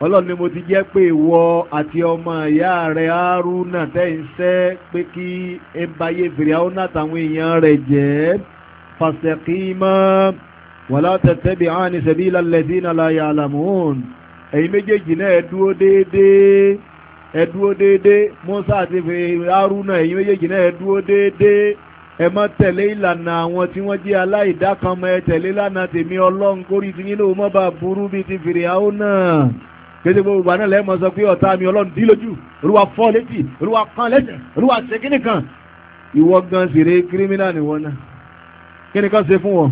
A: ọlọ́run ni mo ti jẹ́ pé ìwọ àti ọmọ ìyá rẹ̀ haruna tẹ́ ń sẹ́ pé kí ẹ bá yé fìrìhàn àtàwọn èèyàn rẹ̀ jẹ́ fàṣẹkìmọ wàlá tẹtẹbi àwọn àníṣẹbí ìlàlẹsìn àlàyé àlàmùhùn ẹ̀yin méjèèjì náà ẹ déédéé ẹ déédéé musa àti haruna ẹ̀yin méjèèjì náà ẹ dúró déédéé ẹ má tẹ̀lé ìlànà àwọn tí wọ́n jẹ́ aláìdá kan mọ́ ẹ tẹ̀lé lánà tèmi ọlọ́run kórì tí yín ló mọ́ bá burú bíi ti fìrì àwọn náà kéde gbogbo ìgbà náà lẹ́ẹ̀mọ́ sọ pé ọ̀tá mi ọlọ́run dí lójú olúwa fọ́ létí olúwa kan lẹ́sẹ̀ olúwa ṣe kíni kan ìwọ gan sì kírímínà nìwọ náà kíni kan ṣe fún wọn.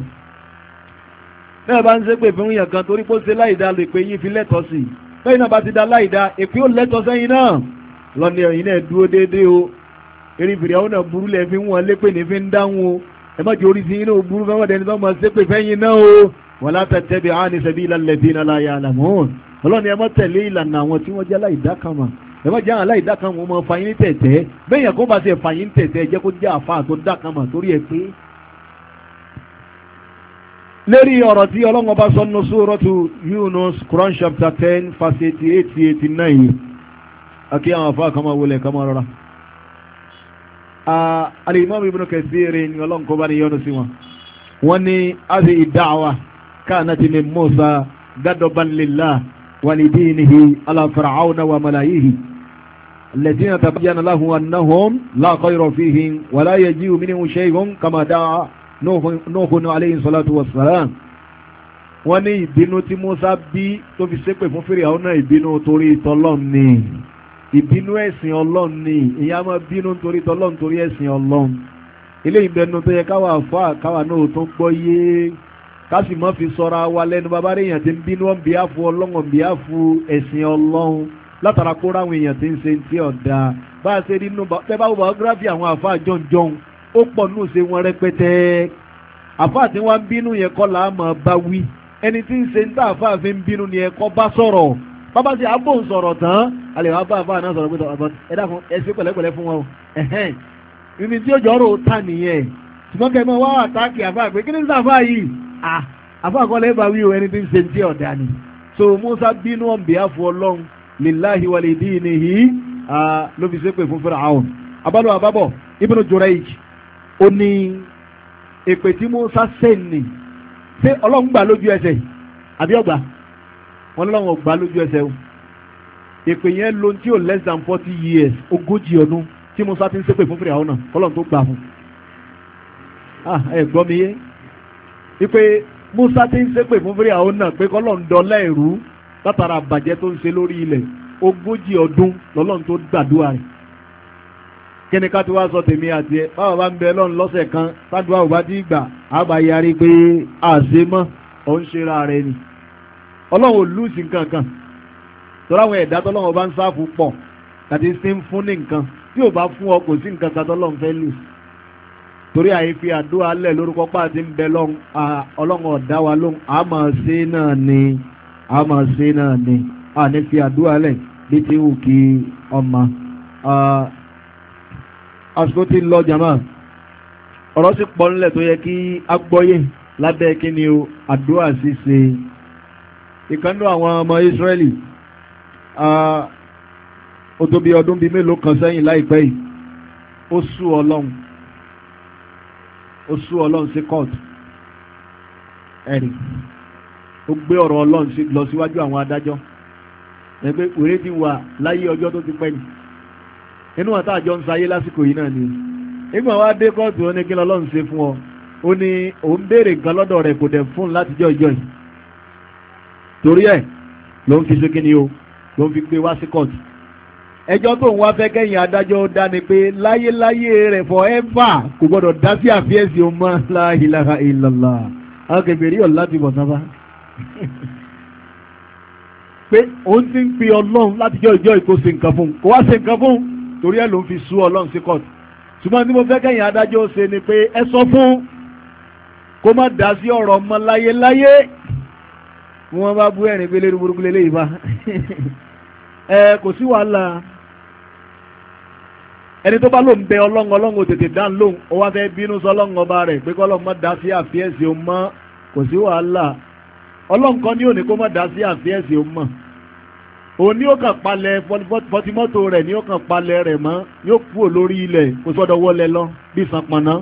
A: bẹ́ẹ̀ bá ń ṣe pé fún yàn kan torí pé ó ṣe láìda lè pé yín fi lẹ́tọ̀ọ́ sí i lẹ́yìn náà bá ti da láìda èpè ó lẹ́tọ̀ọ́ sẹ́yìn náà lọ́ni ẹ̀yìn náà dúró déédéé o eré fìrìhàn náà burú lẹ fi ń wọn lépè ní fi ń dáhùn o ẹ má jẹ oríṣi inú burú fẹ́ wọ́n dẹni tó máa ṣépè fẹ́yìn náà o wọn láta tẹ́bi àánì sẹ́bi ìlànà bí iná láyé àlàmọ́ ọlọ́ni ẹ má tẹ̀lé ìlànà àwọn tí wọ́n jẹ́ aláìdá kan mà ẹ má jẹ́ àwọn aláìdá kan wọn máa fàyín tẹ̀tẹ̀ bẹ́ẹ̀ yẹn kó bá ṣe fàyín tẹ̀tẹ̀ ẹ jẹ́ kó jẹ́ àfa àtọ́ dá torí ẹ pé. lérí ọ̀rọ̀ tí ọlọ́run bá sọ nínú Suratu Yunus Quran chapter ten verse eighty eight eighty nine àkíyàn àfa kàmá wọlé kàmá rọra. Ah, alimami ibn kathir ni ọlọ́nkọ́ bá ní yọ́nu sí wọn wọ́n ní adé ìdáwà kanat min musa gadaban lillah walidinihi ala fir'auna wa malayihi الذين تبين له أنهم لا خير فيهم ولا يجيء منهم شيء كما دعا نوح عليه الصلاة والسلام wọ́n ní ìbínú tí Mùsá bí fi ṣépè fún Fáráò náà ìbínú torí ni ìbínú ẹ̀sìn ọlọ́run ni ìyá máa bínú torí tọlọ́run torí ẹ̀sìn ọlọ́run ilé ìbẹnu tó yẹ káwa fọ́ àkáwa náà tó ń gbọ́ yé kásì mọ́ fi sọ́ra wa lẹ́nu bàbá rẹ̀ èèyàn ti ń bínú ọ̀nbí àfu ọlọ́run ọ̀nbí àfu ẹ̀sìn ọlọ́run látara kó ráwọn èèyàn ti ń ṣe ti ọ̀dà bá a ṣe nínú tẹ́ bá wò biography àwọn àfa jọ̀njọ̀n ó pọ̀ nù ṣe wọn rẹpẹtẹ àfa àti wọn bínú yẹn kọ́ làá máa bá wí ẹni tí ń ṣe ń tá àfa àfi ń bínú ni ẹ̀kọ́ bá sọ̀rọ̀ bàbá sí abó ń sọ̀rọ̀ tán alẹ́ wàá bá àbá náà sọ̀rọ̀ pé tọ́ ẹ dákun ẹ sí pẹ̀lẹ́pẹ̀lẹ́ fún wọn o ẹ̀hẹ́n ibi tí òjò ọ̀rọ̀ ta nìyẹn ṣùgbọ́n kẹ́ mọ́ wá àtàkì àbá pé kí ni sàfà yìí à àbá àkọọ́lẹ̀ bá wí o ẹni tí ń ṣe ti ọ̀dà ni so Musa bínú ọ̀nbẹ̀ àfọ ọlọ́run lillahi wa lidinihi ló fi ṣépè fún Fir'aun abálò àbábọ̀ Ibn Jurayj ó ní èpè tí Musa sẹ́ni ṣé ọlọ́run gbà lójú ẹsẹ̀ àbí ọgbà wọ́n lọ́wọ́ gbà lójú ẹsẹ̀ o èpè yẹn lo tí ò less than forty years ogójì ọdún tí Musa ti ń ṣépè fún fìrìhàn náà kọ́lọ́n tó gbà fún ah ẹ gbọ́ mi yé ipe Musa ti ń ṣépè fún fìrìhàn náà pé kọ́lọ́n dọ́lá ẹ̀rú látara àbàjẹ́ tó ń ṣe lórí ilẹ̀ ogójì ọdún lọ́lọ́n tó gbàdúrà rẹ̀ kíni ká ti wá sọ tèmi àti ẹ báwa bá ń bẹ lọ́n lọ́sẹ̀ kan sádùá ò bá ti gbà àbáyárí pé àṣemọ́ ò ń ṣera rẹ̀ ni ọlọ́run ò lùsì kankan tọ́láwọn ẹ̀dá tọ́lọ́run bá ń sáàfù pọ̀ àti ṣe ń fún ní nǹkan tí ò bá fún ọ kò sí nǹkan kan tọ́lọ́run fẹ́ lù torí àyèfi àdúrà lẹ̀ lórúkọ pàtí ń bẹ lọ́hùn ọlọ́run ọ̀dá wa lóhùn àmọ̀ ṣe náà ni àmọ̀ ṣe náà ni àní fi àdúrà lẹ̀ bí ti wù kí ọmọ àsìkò tí ń lọ jàmá ọ̀rọ̀ sì pọ̀ nílẹ̀ tó yẹ kí agbọ́yé lábẹ́ kí ni o àdúrà ṣíṣe ìkànnú àwọn ọmọ Israeli ó tó bí ọdún bíi mélòó kan sẹ́yìn láìpẹ́ yìí ó sú ọlọ́run ó sú ọlọ́run sí court ẹ̀rì ó gbé ọ̀rọ̀ ọlọ́run lọ síwájú àwọn adájọ́ ẹgbẹ́ òré ti wà láyé ọjọ́ tó ti pẹ́ yìí inú àtà àjọ ń sayé lásìkò yìí náà ni ìgbà wa dé kóòtù ó ní kí lọ́lọ́run ṣe fún ọ ó ní òun béèrè nǹkan lọ́dọ̀ rẹ̀ kò dẹ̀ fún látijọ́ ìjọ yìí torí ẹ̀ ló ń fi ṣe kíni o ló ń fi pé wá sí kọ́ọ̀tù ẹjọ́ tó ń wá fẹ́ kẹ́yìn adájọ́ dá ni pé láyéláyé rẹ̀ forever kò gbọ́dọ̀ dá sí àfíẹ́sì ọmọ la ilaha illallah akẹ́bẹ̀rí ọ̀la ti bọ̀ sábà [LAUGHS] pé òun ti ń pe ọlọ́run láti jọ ìjọ ìkó ṣe nǹkan fún un kò wá ṣe nǹkan fún un torí ẹ̀ ló ń fi sú ọlọ́run sí kọ́ọ̀tù ṣùgbọ́n tí mo fẹ́ kẹ́yìn adájọ́ ṣe ni pé ẹ sọ fún kó má dá sí ọ̀rọ̀ ọmọ láyéláyé bí wọ́n bá bú ẹ̀rín pé lérí burúkú lélẹ́yìí bá [LAUGHS] ẹ kò sí wàhálà ẹni tó bá lóun bẹ ọlọ́run ọlọ́run ò tètè dá lóun ó wá fẹ́ bínú sọ ọlọ́run ọba rẹ̀ pé kọ́ ọlọ́run má dá sí àfíẹ́sì ó mọ́ kò sí wàhálà ọlọ́run kan ní òní kó má dá sí àfíẹ́sì ó mọ́ òní ó kàn palẹ̀ fọtimọ́tò rẹ̀ ní ó kàn palẹ̀ rẹ̀ mọ́ yóò kúrò lórí ilẹ̀ kó sọ́dọ̀ wọlé lọ bí sanpọ̀nà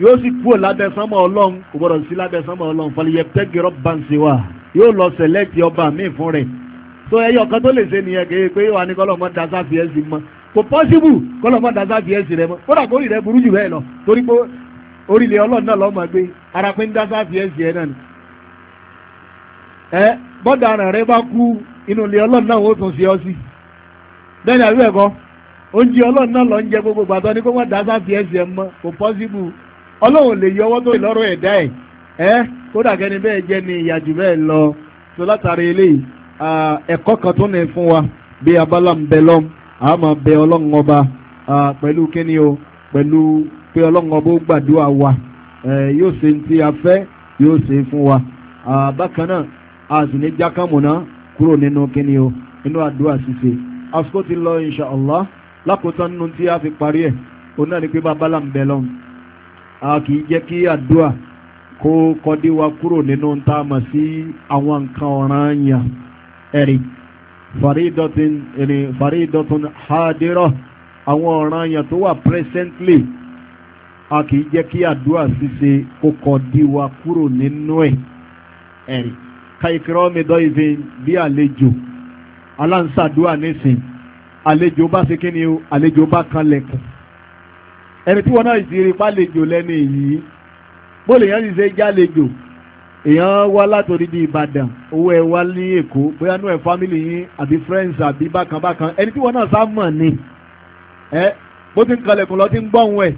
A: yóò sì kúrò lábẹ́ sánmọ̀ ọlọ́run kò gbọ́dọ̀ sí lábẹ́ sánmọ̀ ọlọ́run fọlẹ́yẹ tẹ́gẹ̀rọ bánsẹ̀ wà yóò lọ sẹ̀lẹ́tì ọba míì fún rẹ̀ tó ẹyọ kan tó lè ṣe nìyẹn kéye pé wà ní kọ́lọ́mọ́ dasa fi ẹ̀sìn mọ́ kò pọ́síbù kọ́lọ́mọ́ dasa fi ẹ̀sìn rẹ mọ́ kódà kó rí rẹ burú jù bẹ́ẹ̀ lọ torí pé orílẹ̀ ọlọ́run náà lọ́mọ gbé ara pé ń dasa fi ẹ̀sìn ẹ̀ náà ni. ẹ bọ́dà rẹ̀ rẹ bá kú inú ilé ọlọ́run náà ó tún ṣe ọ sí bẹ́ẹ̀ ni àbí ẹ̀kọ́ oúnjẹ ọlọ́run náà lọ ń jẹ gbogbo gbàtọ́ ni kó wọ́n dasa fi ẹ̀sìn ẹ̀ mọ́ kò pọ́síbù ọlọ́run lè yọ ọwọ́ tó ìlọ́rọ̀ ẹ̀dá ẹ̀ ẹ́ kódà kẹ́ni bẹ́ẹ̀ jẹ́ ni ìyàjù bẹ́ẹ̀ lọ tó látàrí eléyìí ẹ̀kọ́ kan tó ní fún wa bí abala ń bẹ lọ́m a máa bẹ ọlọ́run ọba pẹ̀lú kíni o pẹ̀lú pé ọlọ́run ọba ó gbàdúrà wa yóò ṣe ti a fẹ́ yóò ṣe fún wa bákan náà a sì ní jákàmùná kúrò nínú kíni o nínú àdúrà ṣíṣe àsìkò ti lọ inṣàlá lákòótán nínú tí a fi parí ẹ̀ òun náà ni pé bàbá là ń bẹ lọ́m a kì í jẹ́ kí àdúrà kó kọdí wa kúrò nínú ń táàmà sí àwọn nǹkan ọ̀ràn yàn ẹ̀rí faridatun ẹ̀rí hadira àwọn ọ̀ràn yàn tó wà presently a kì í jẹ́ kí àdúrà ṣíṣe kó kọdí wa kúrò nínú ẹ̀ ẹ̀rí kaikirọ́ mi dọ́ ìfẹ́ bí àlejò aláǹsàdúrà nísìn àlejò bá ṣe kí ni o àlejò bá kan lẹ̀kùn ẹni tí wọ́n náà ìsìnrí pálejò lẹ́nu èyí bóòlù èèyàn sì ṣe jálejò èèyàn wá látòrí di Ìbàdàn owó ẹ wá ní Èkó bóyá nú ẹ fámìlì yín àbí friends àbí bákan bákan ẹni tí wọ́n náà sá mọ̀ ni ẹ bó ti ń kalẹ̀kùn lọ ti ń gbọ́hùn ẹ̀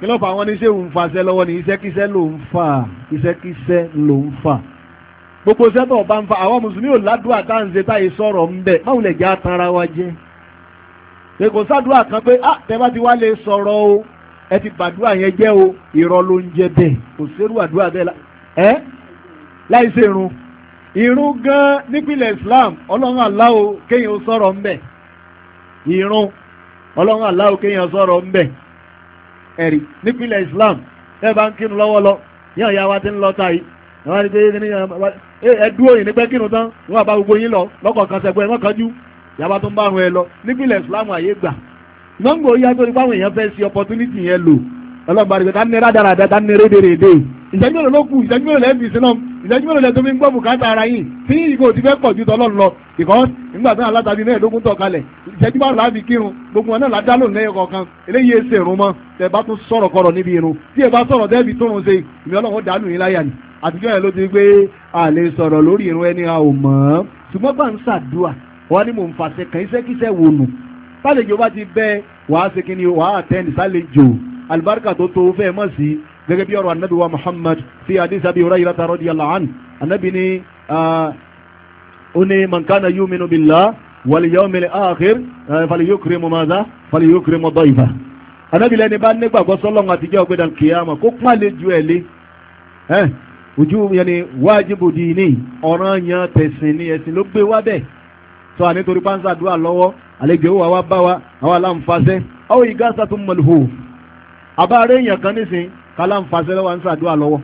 A: kí ló fà wọ́n ní ṣé òun fàṣẹ lọ́wọ́ ní iṣẹ́kíṣẹ́ ló ń fà iṣẹ́kíṣẹ́ ló ń fà gbogbo sẹ́tọ̀ bá ń fa àwọn mùsùlùmí ò ládùúgbò àtàǹṣe táyé sọ̀rọ̀ ń bẹ̀ máwùlẹ̀ jẹ́ atanra wa jẹ́ pé kò sádùúrà kan pé ah tẹ́bá ti wá lè sọ̀rọ̀ o ẹ ti bàdúrà yẹn jẹ́ o irọ́ ló ń jẹ bẹ́ẹ̀ kò sẹ́rù àdúrà bẹ́ẹ̀ ẹ́ láì ṣe irun irun gan nípìnlẹ̀ Islam ọlọ́run aláwo kéèyàn sọ̀rọ̀ ń bẹ̀ irun ọlọ́run aláwo kéèyàn sọ̀rọ̀ ń bẹ̀ ẹ̀rí nípìnlẹ̀ Islam ẹ bá ń kírun lọ́wọ́ lọ yíyan ìyá wa ti ń lọ ta yìí ẹ wá ní pé ẹ dúró yìí nípẹ́ kírun tán ìwà bá gbogbo yín lọ lọ́kọ̀ọ̀kan sẹ́gbẹ́ ẹ mọ́kànjú yàrá tó ń bá rún ẹ lọ nípìnlẹ̀ Islam àyè gbà nọ́ngbò yá tó ní báwọn èèyàn fẹ́ ṣe opportunity yẹn lò ọlọ́ba rẹ̀ ká ní rádàrà dá ká ní rédèrèdè ìṣẹ́jú mélòó ló kù ìṣẹ́jú mélòó lẹ́ fi sinọ́ ìṣẹ́jú mélòó lẹ́ tó fi ń gbọ́ bùkátà ara yìí tí ìgò ti fẹ́ pọ̀ ju tọ́lọ́ lọ because nígbà tí alátabi náà lógún tọ̀ kalẹ̀ ìṣẹ́jú bá láàbì kírun gbogbo wọn náà ládá lò lẹ́yìn kọ̀ọ̀kan eléyìí èsè irun mọ́ tẹ bá tún sọ̀rọ̀ kọ̀rọ̀ níbi irun tí ẹ bá sọ̀rọ̀ tẹ́ẹ̀bì tóun ṣe ìmí ni àtijọ́ yẹn ló ti wọ́n ní mò ń fàṣẹ kàn iṣẹ́kíṣẹ́ wò nù sálejò bá ti bẹ́ wàá ṣe kí ni wàá àtẹ́ni sálejò alibarika tó tó fẹ́ mọ̀ sí gẹ́gẹ́ bí ọ̀rọ̀ anabi wa muhammad fi hadith abi hurayrata radiyallahu anhu anabi ni ó ní man kana yu'minu billah wal yawmil akhir falyukrim madha falyukrim dayfa anabi lẹni bá nígbàgbọ́ sọ́lọ́run àtijọ́ ọ̀gbẹ́dà kìyàmọ̀ kó pọ́n àlejò ẹ̀ lé ojú yẹn ni wájibu ọ̀ràn yẹn tẹ̀sìn ni ẹ̀sìn ló gbé wá bẹ́ẹ̀ sọ à nítorí pánsá àdúrà lọ́wọ́ àlejò wà wá bá wa àwọn aláǹfàṣẹ ọ̀ ìgá sàtún mọ̀lùhù àbáàrẹ̀ èèyàn kan nísìn kàláǹfàṣẹ lọ́wọ́ ń sàdúrà lọ́wọ́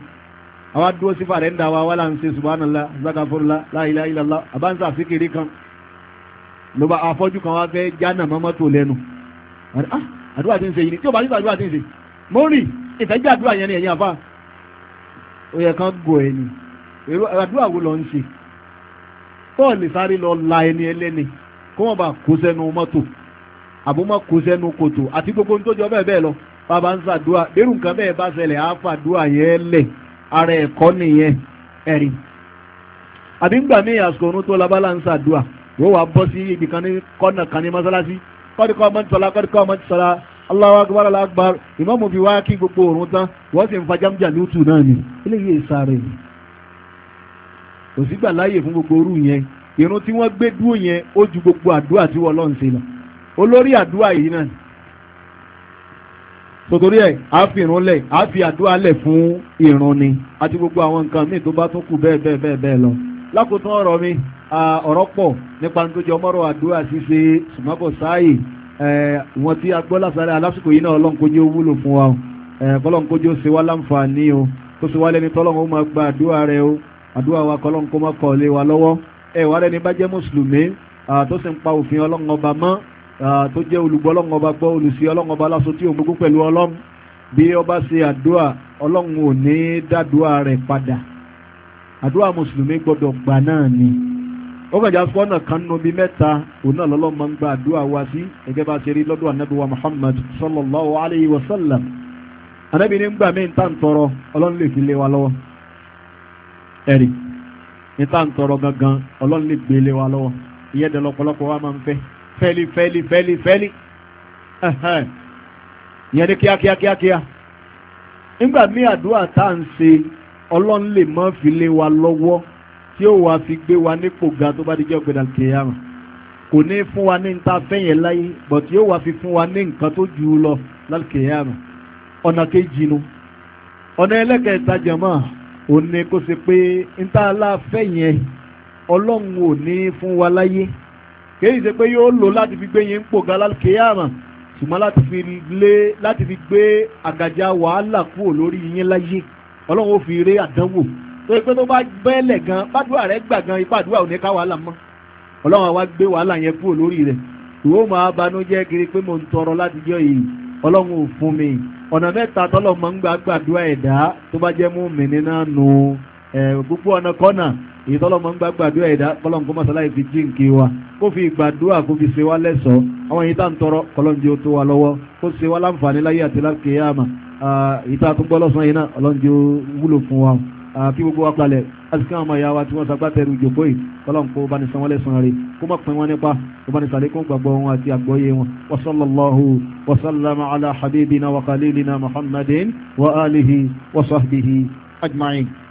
A: àwọn adúró sífà rẹ̀ ń dà wá là ń ṣe subhanallah zakaforla la ilaha illallah àbáǹsà síkiri kan ló bá afọ́jú kan wá fẹ́ jánà mọ́mọ́ tó lẹ́nu ah, àdúrà tí ń ṣe yìí ni tí ó bá nípa àdúrà tí ń ṣe mọ́rì ìfẹ́jú àdúrà yẹn ni ẹ̀yìn àfà ó yẹ kán gò ẹ̀yìn àdúrà wo lọ ń ṣe tó lè sáré lọ la ẹni ẹlẹ́ni kó wọ́n bá kó sẹ́nu mọ́tò àbó má kó sẹ́nu kòtò àti gbogbo ohun tó jọ bẹ́ẹ̀ bẹ́ẹ̀ lọ bàbá ń ṣàdúrà bẹ́rù nǹkan bẹ́ẹ̀ bá ṣẹlẹ̀ á fàdúrà yẹn lẹ̀ ara ẹ̀kọ́ nìyẹn ẹ̀rí àbí ń gbà mí àsìkò ọ̀run tó labá ń ṣàdúrà wọ́n wá bọ́ sí ibì kan ní kọ́nà kan ní mọ́sálásí kọ́díkọ́ ọmọ ọmọ ti sọ̀la Allahu akbar Allahu akbar ìmọ̀mù fi wá kí gbogbo òrùn tán ń fa kò sígbà láàyè fún gbogbo orú yẹn irun tí wọ́n gbé dúró yẹn ó ju gbogbo àdúrà tí wọ́n lọ́n ṣe lọ olórí àdúrà yìí náà sotori ẹ a fi irun lẹ a fi àdúrà lẹ fún irun ni àti gbogbo àwọn nǹkan míì tó bá tún kù bẹ́ẹ̀ bẹ́ẹ̀ bẹ́ẹ̀ bẹ́ẹ̀ lọ lákòótán ọ̀rọ̀ mi ọ̀rọ̀ pọ̀ nípa tó jọ mọ́rọ̀ àdúrà ṣíṣe sùmọ́kọ̀ sáàyè wọn tí a gbọ́ lásàrẹ́ alásìkò yìí náà ọlọ́run kójú wúlò fún wa ọlọ́run kójú ṣe wá láǹfààní o tó ṣe wá lẹ́ni tọ́lọ́run ó máa gba àdúrà rẹ o àdúrà wa kọ́lọ́n kó má kọ́ lé wa lọ́wọ́ ẹ wà lẹ́ni bá jẹ́ mùsùlùmí tó sì ń pa òfin ọlọ́run ọba mọ́ tó jẹ́ olùgbọ́ ọlọ́run ọba gbọ́ olùsí ọlọ́run ọba lásán tí òmùgún pẹ̀lú ọlọ́run bí ọba ṣe àdúrà ọlọ́run ò ní dádúrà rẹ̀ padà àdúrà mùsùlùmí gbọ́dọ̀ gbà náà ni ó gbàjà fọ́nà kan nu bíi mẹ́ta òun náà lọ́lọ́ máa ń gba àdúrà wa sí gẹ́gẹ́ bá ṣe rí lọ́dọ̀ anábì wa Muhammad sallallahu alayhi wa sallam anábì ní gbà mí ń tà ń tọrọ ọlọ́run lè fi lé wa lọ́wọ́ ẹ̀rì níta ń tọrọ gangan ọlọ́run lè gbé lé wa lọ́wọ́ ìyẹn dẹ̀ lọ́pọ̀lọpọ̀ wa máa ń fẹ́ fẹ́lí fẹ́lí fẹ́lí fẹ́lí ìyẹn ní kíákíá kíákíá nígbà míì àdúrà tá à ń ṣe ọlọ́run lè má fi lé wa lọ́wọ́ tí ó wàá fi gbé wa nípò ga tó bá di jẹ́ ògbẹ́dà kìíyàmù kò ní fún wa ní níta fẹ́yẹ̀ láyé bọ̀ tí ó wàá fi fún wa ní nǹkan tó jù lọ lálùkìíyàmù ọ̀nà kejì nu ọ̀nà ẹlẹ́kẹ̀ẹ́ta jẹ̀mọ́ ò ní kó ṣe pé ntaala fẹ́ yẹn ọlọ́run ò ní fún wa láyé kìí ṣe pé yóò lò láti fi gbé yẹn ń pò ga lálùkéyàmà ṣùgbọ́n láti fi lé láti fi gbé àgàjà wàhálà kúrò lórí yín láyé ọlọ́run ò fi ré àdánwò tó pé tó bá bẹ́ẹ̀lẹ̀ gan gbàdúrà rẹ̀ gbà gan ipá àdúrà ò ní ká wàhálà mọ́ ọlọ́run àwa gbé wàhálà yẹn kúrò lórí rẹ̀ ìwọ máa banújẹ́ kiri pé mo ń tọrọ láti jọ ọ̀nà mẹ́ta tọ́lọ̀ máa ń gba gbàdúrà ẹ̀dá tó bá jẹ́ mùmínì náà nù gbogbo ọ̀nà kọ́nà èyí tọ́lọ̀ máa ń gba gbàdúrà ẹ̀dá kọ́lọ́n kó mọ̀sálà ìfi jí nǹkan wa kó fi gbàdúrà kó fi ṣe wá lẹ́sọ̀ọ́ àwọn èyí tá ń tọrọ kọ́lọ́n jẹ́ tó wa lọ́wọ́ kó ṣe wá láǹfààní láyé àti lákèéyàmà ìta àtúgbọ́ lọ́sàn-án yìí náà ọlọ́njẹ́ kí gbogbo wa palẹ̀ àti kí àwọn ọmọ ìyá wa tí wọ́n ṣagbátẹrù ìjòkó yìí kọ́lọ́n kó bá ní san wọ́n lẹ́san rẹ̀ kó má pín wọn nípa kó bá ní sàlékún gbàgbọ́ wọn àti àgbọ́yé wọn wa sallallahu ala habibina wa khalilina muhammadin wa alihi wa sahbihi ajma'in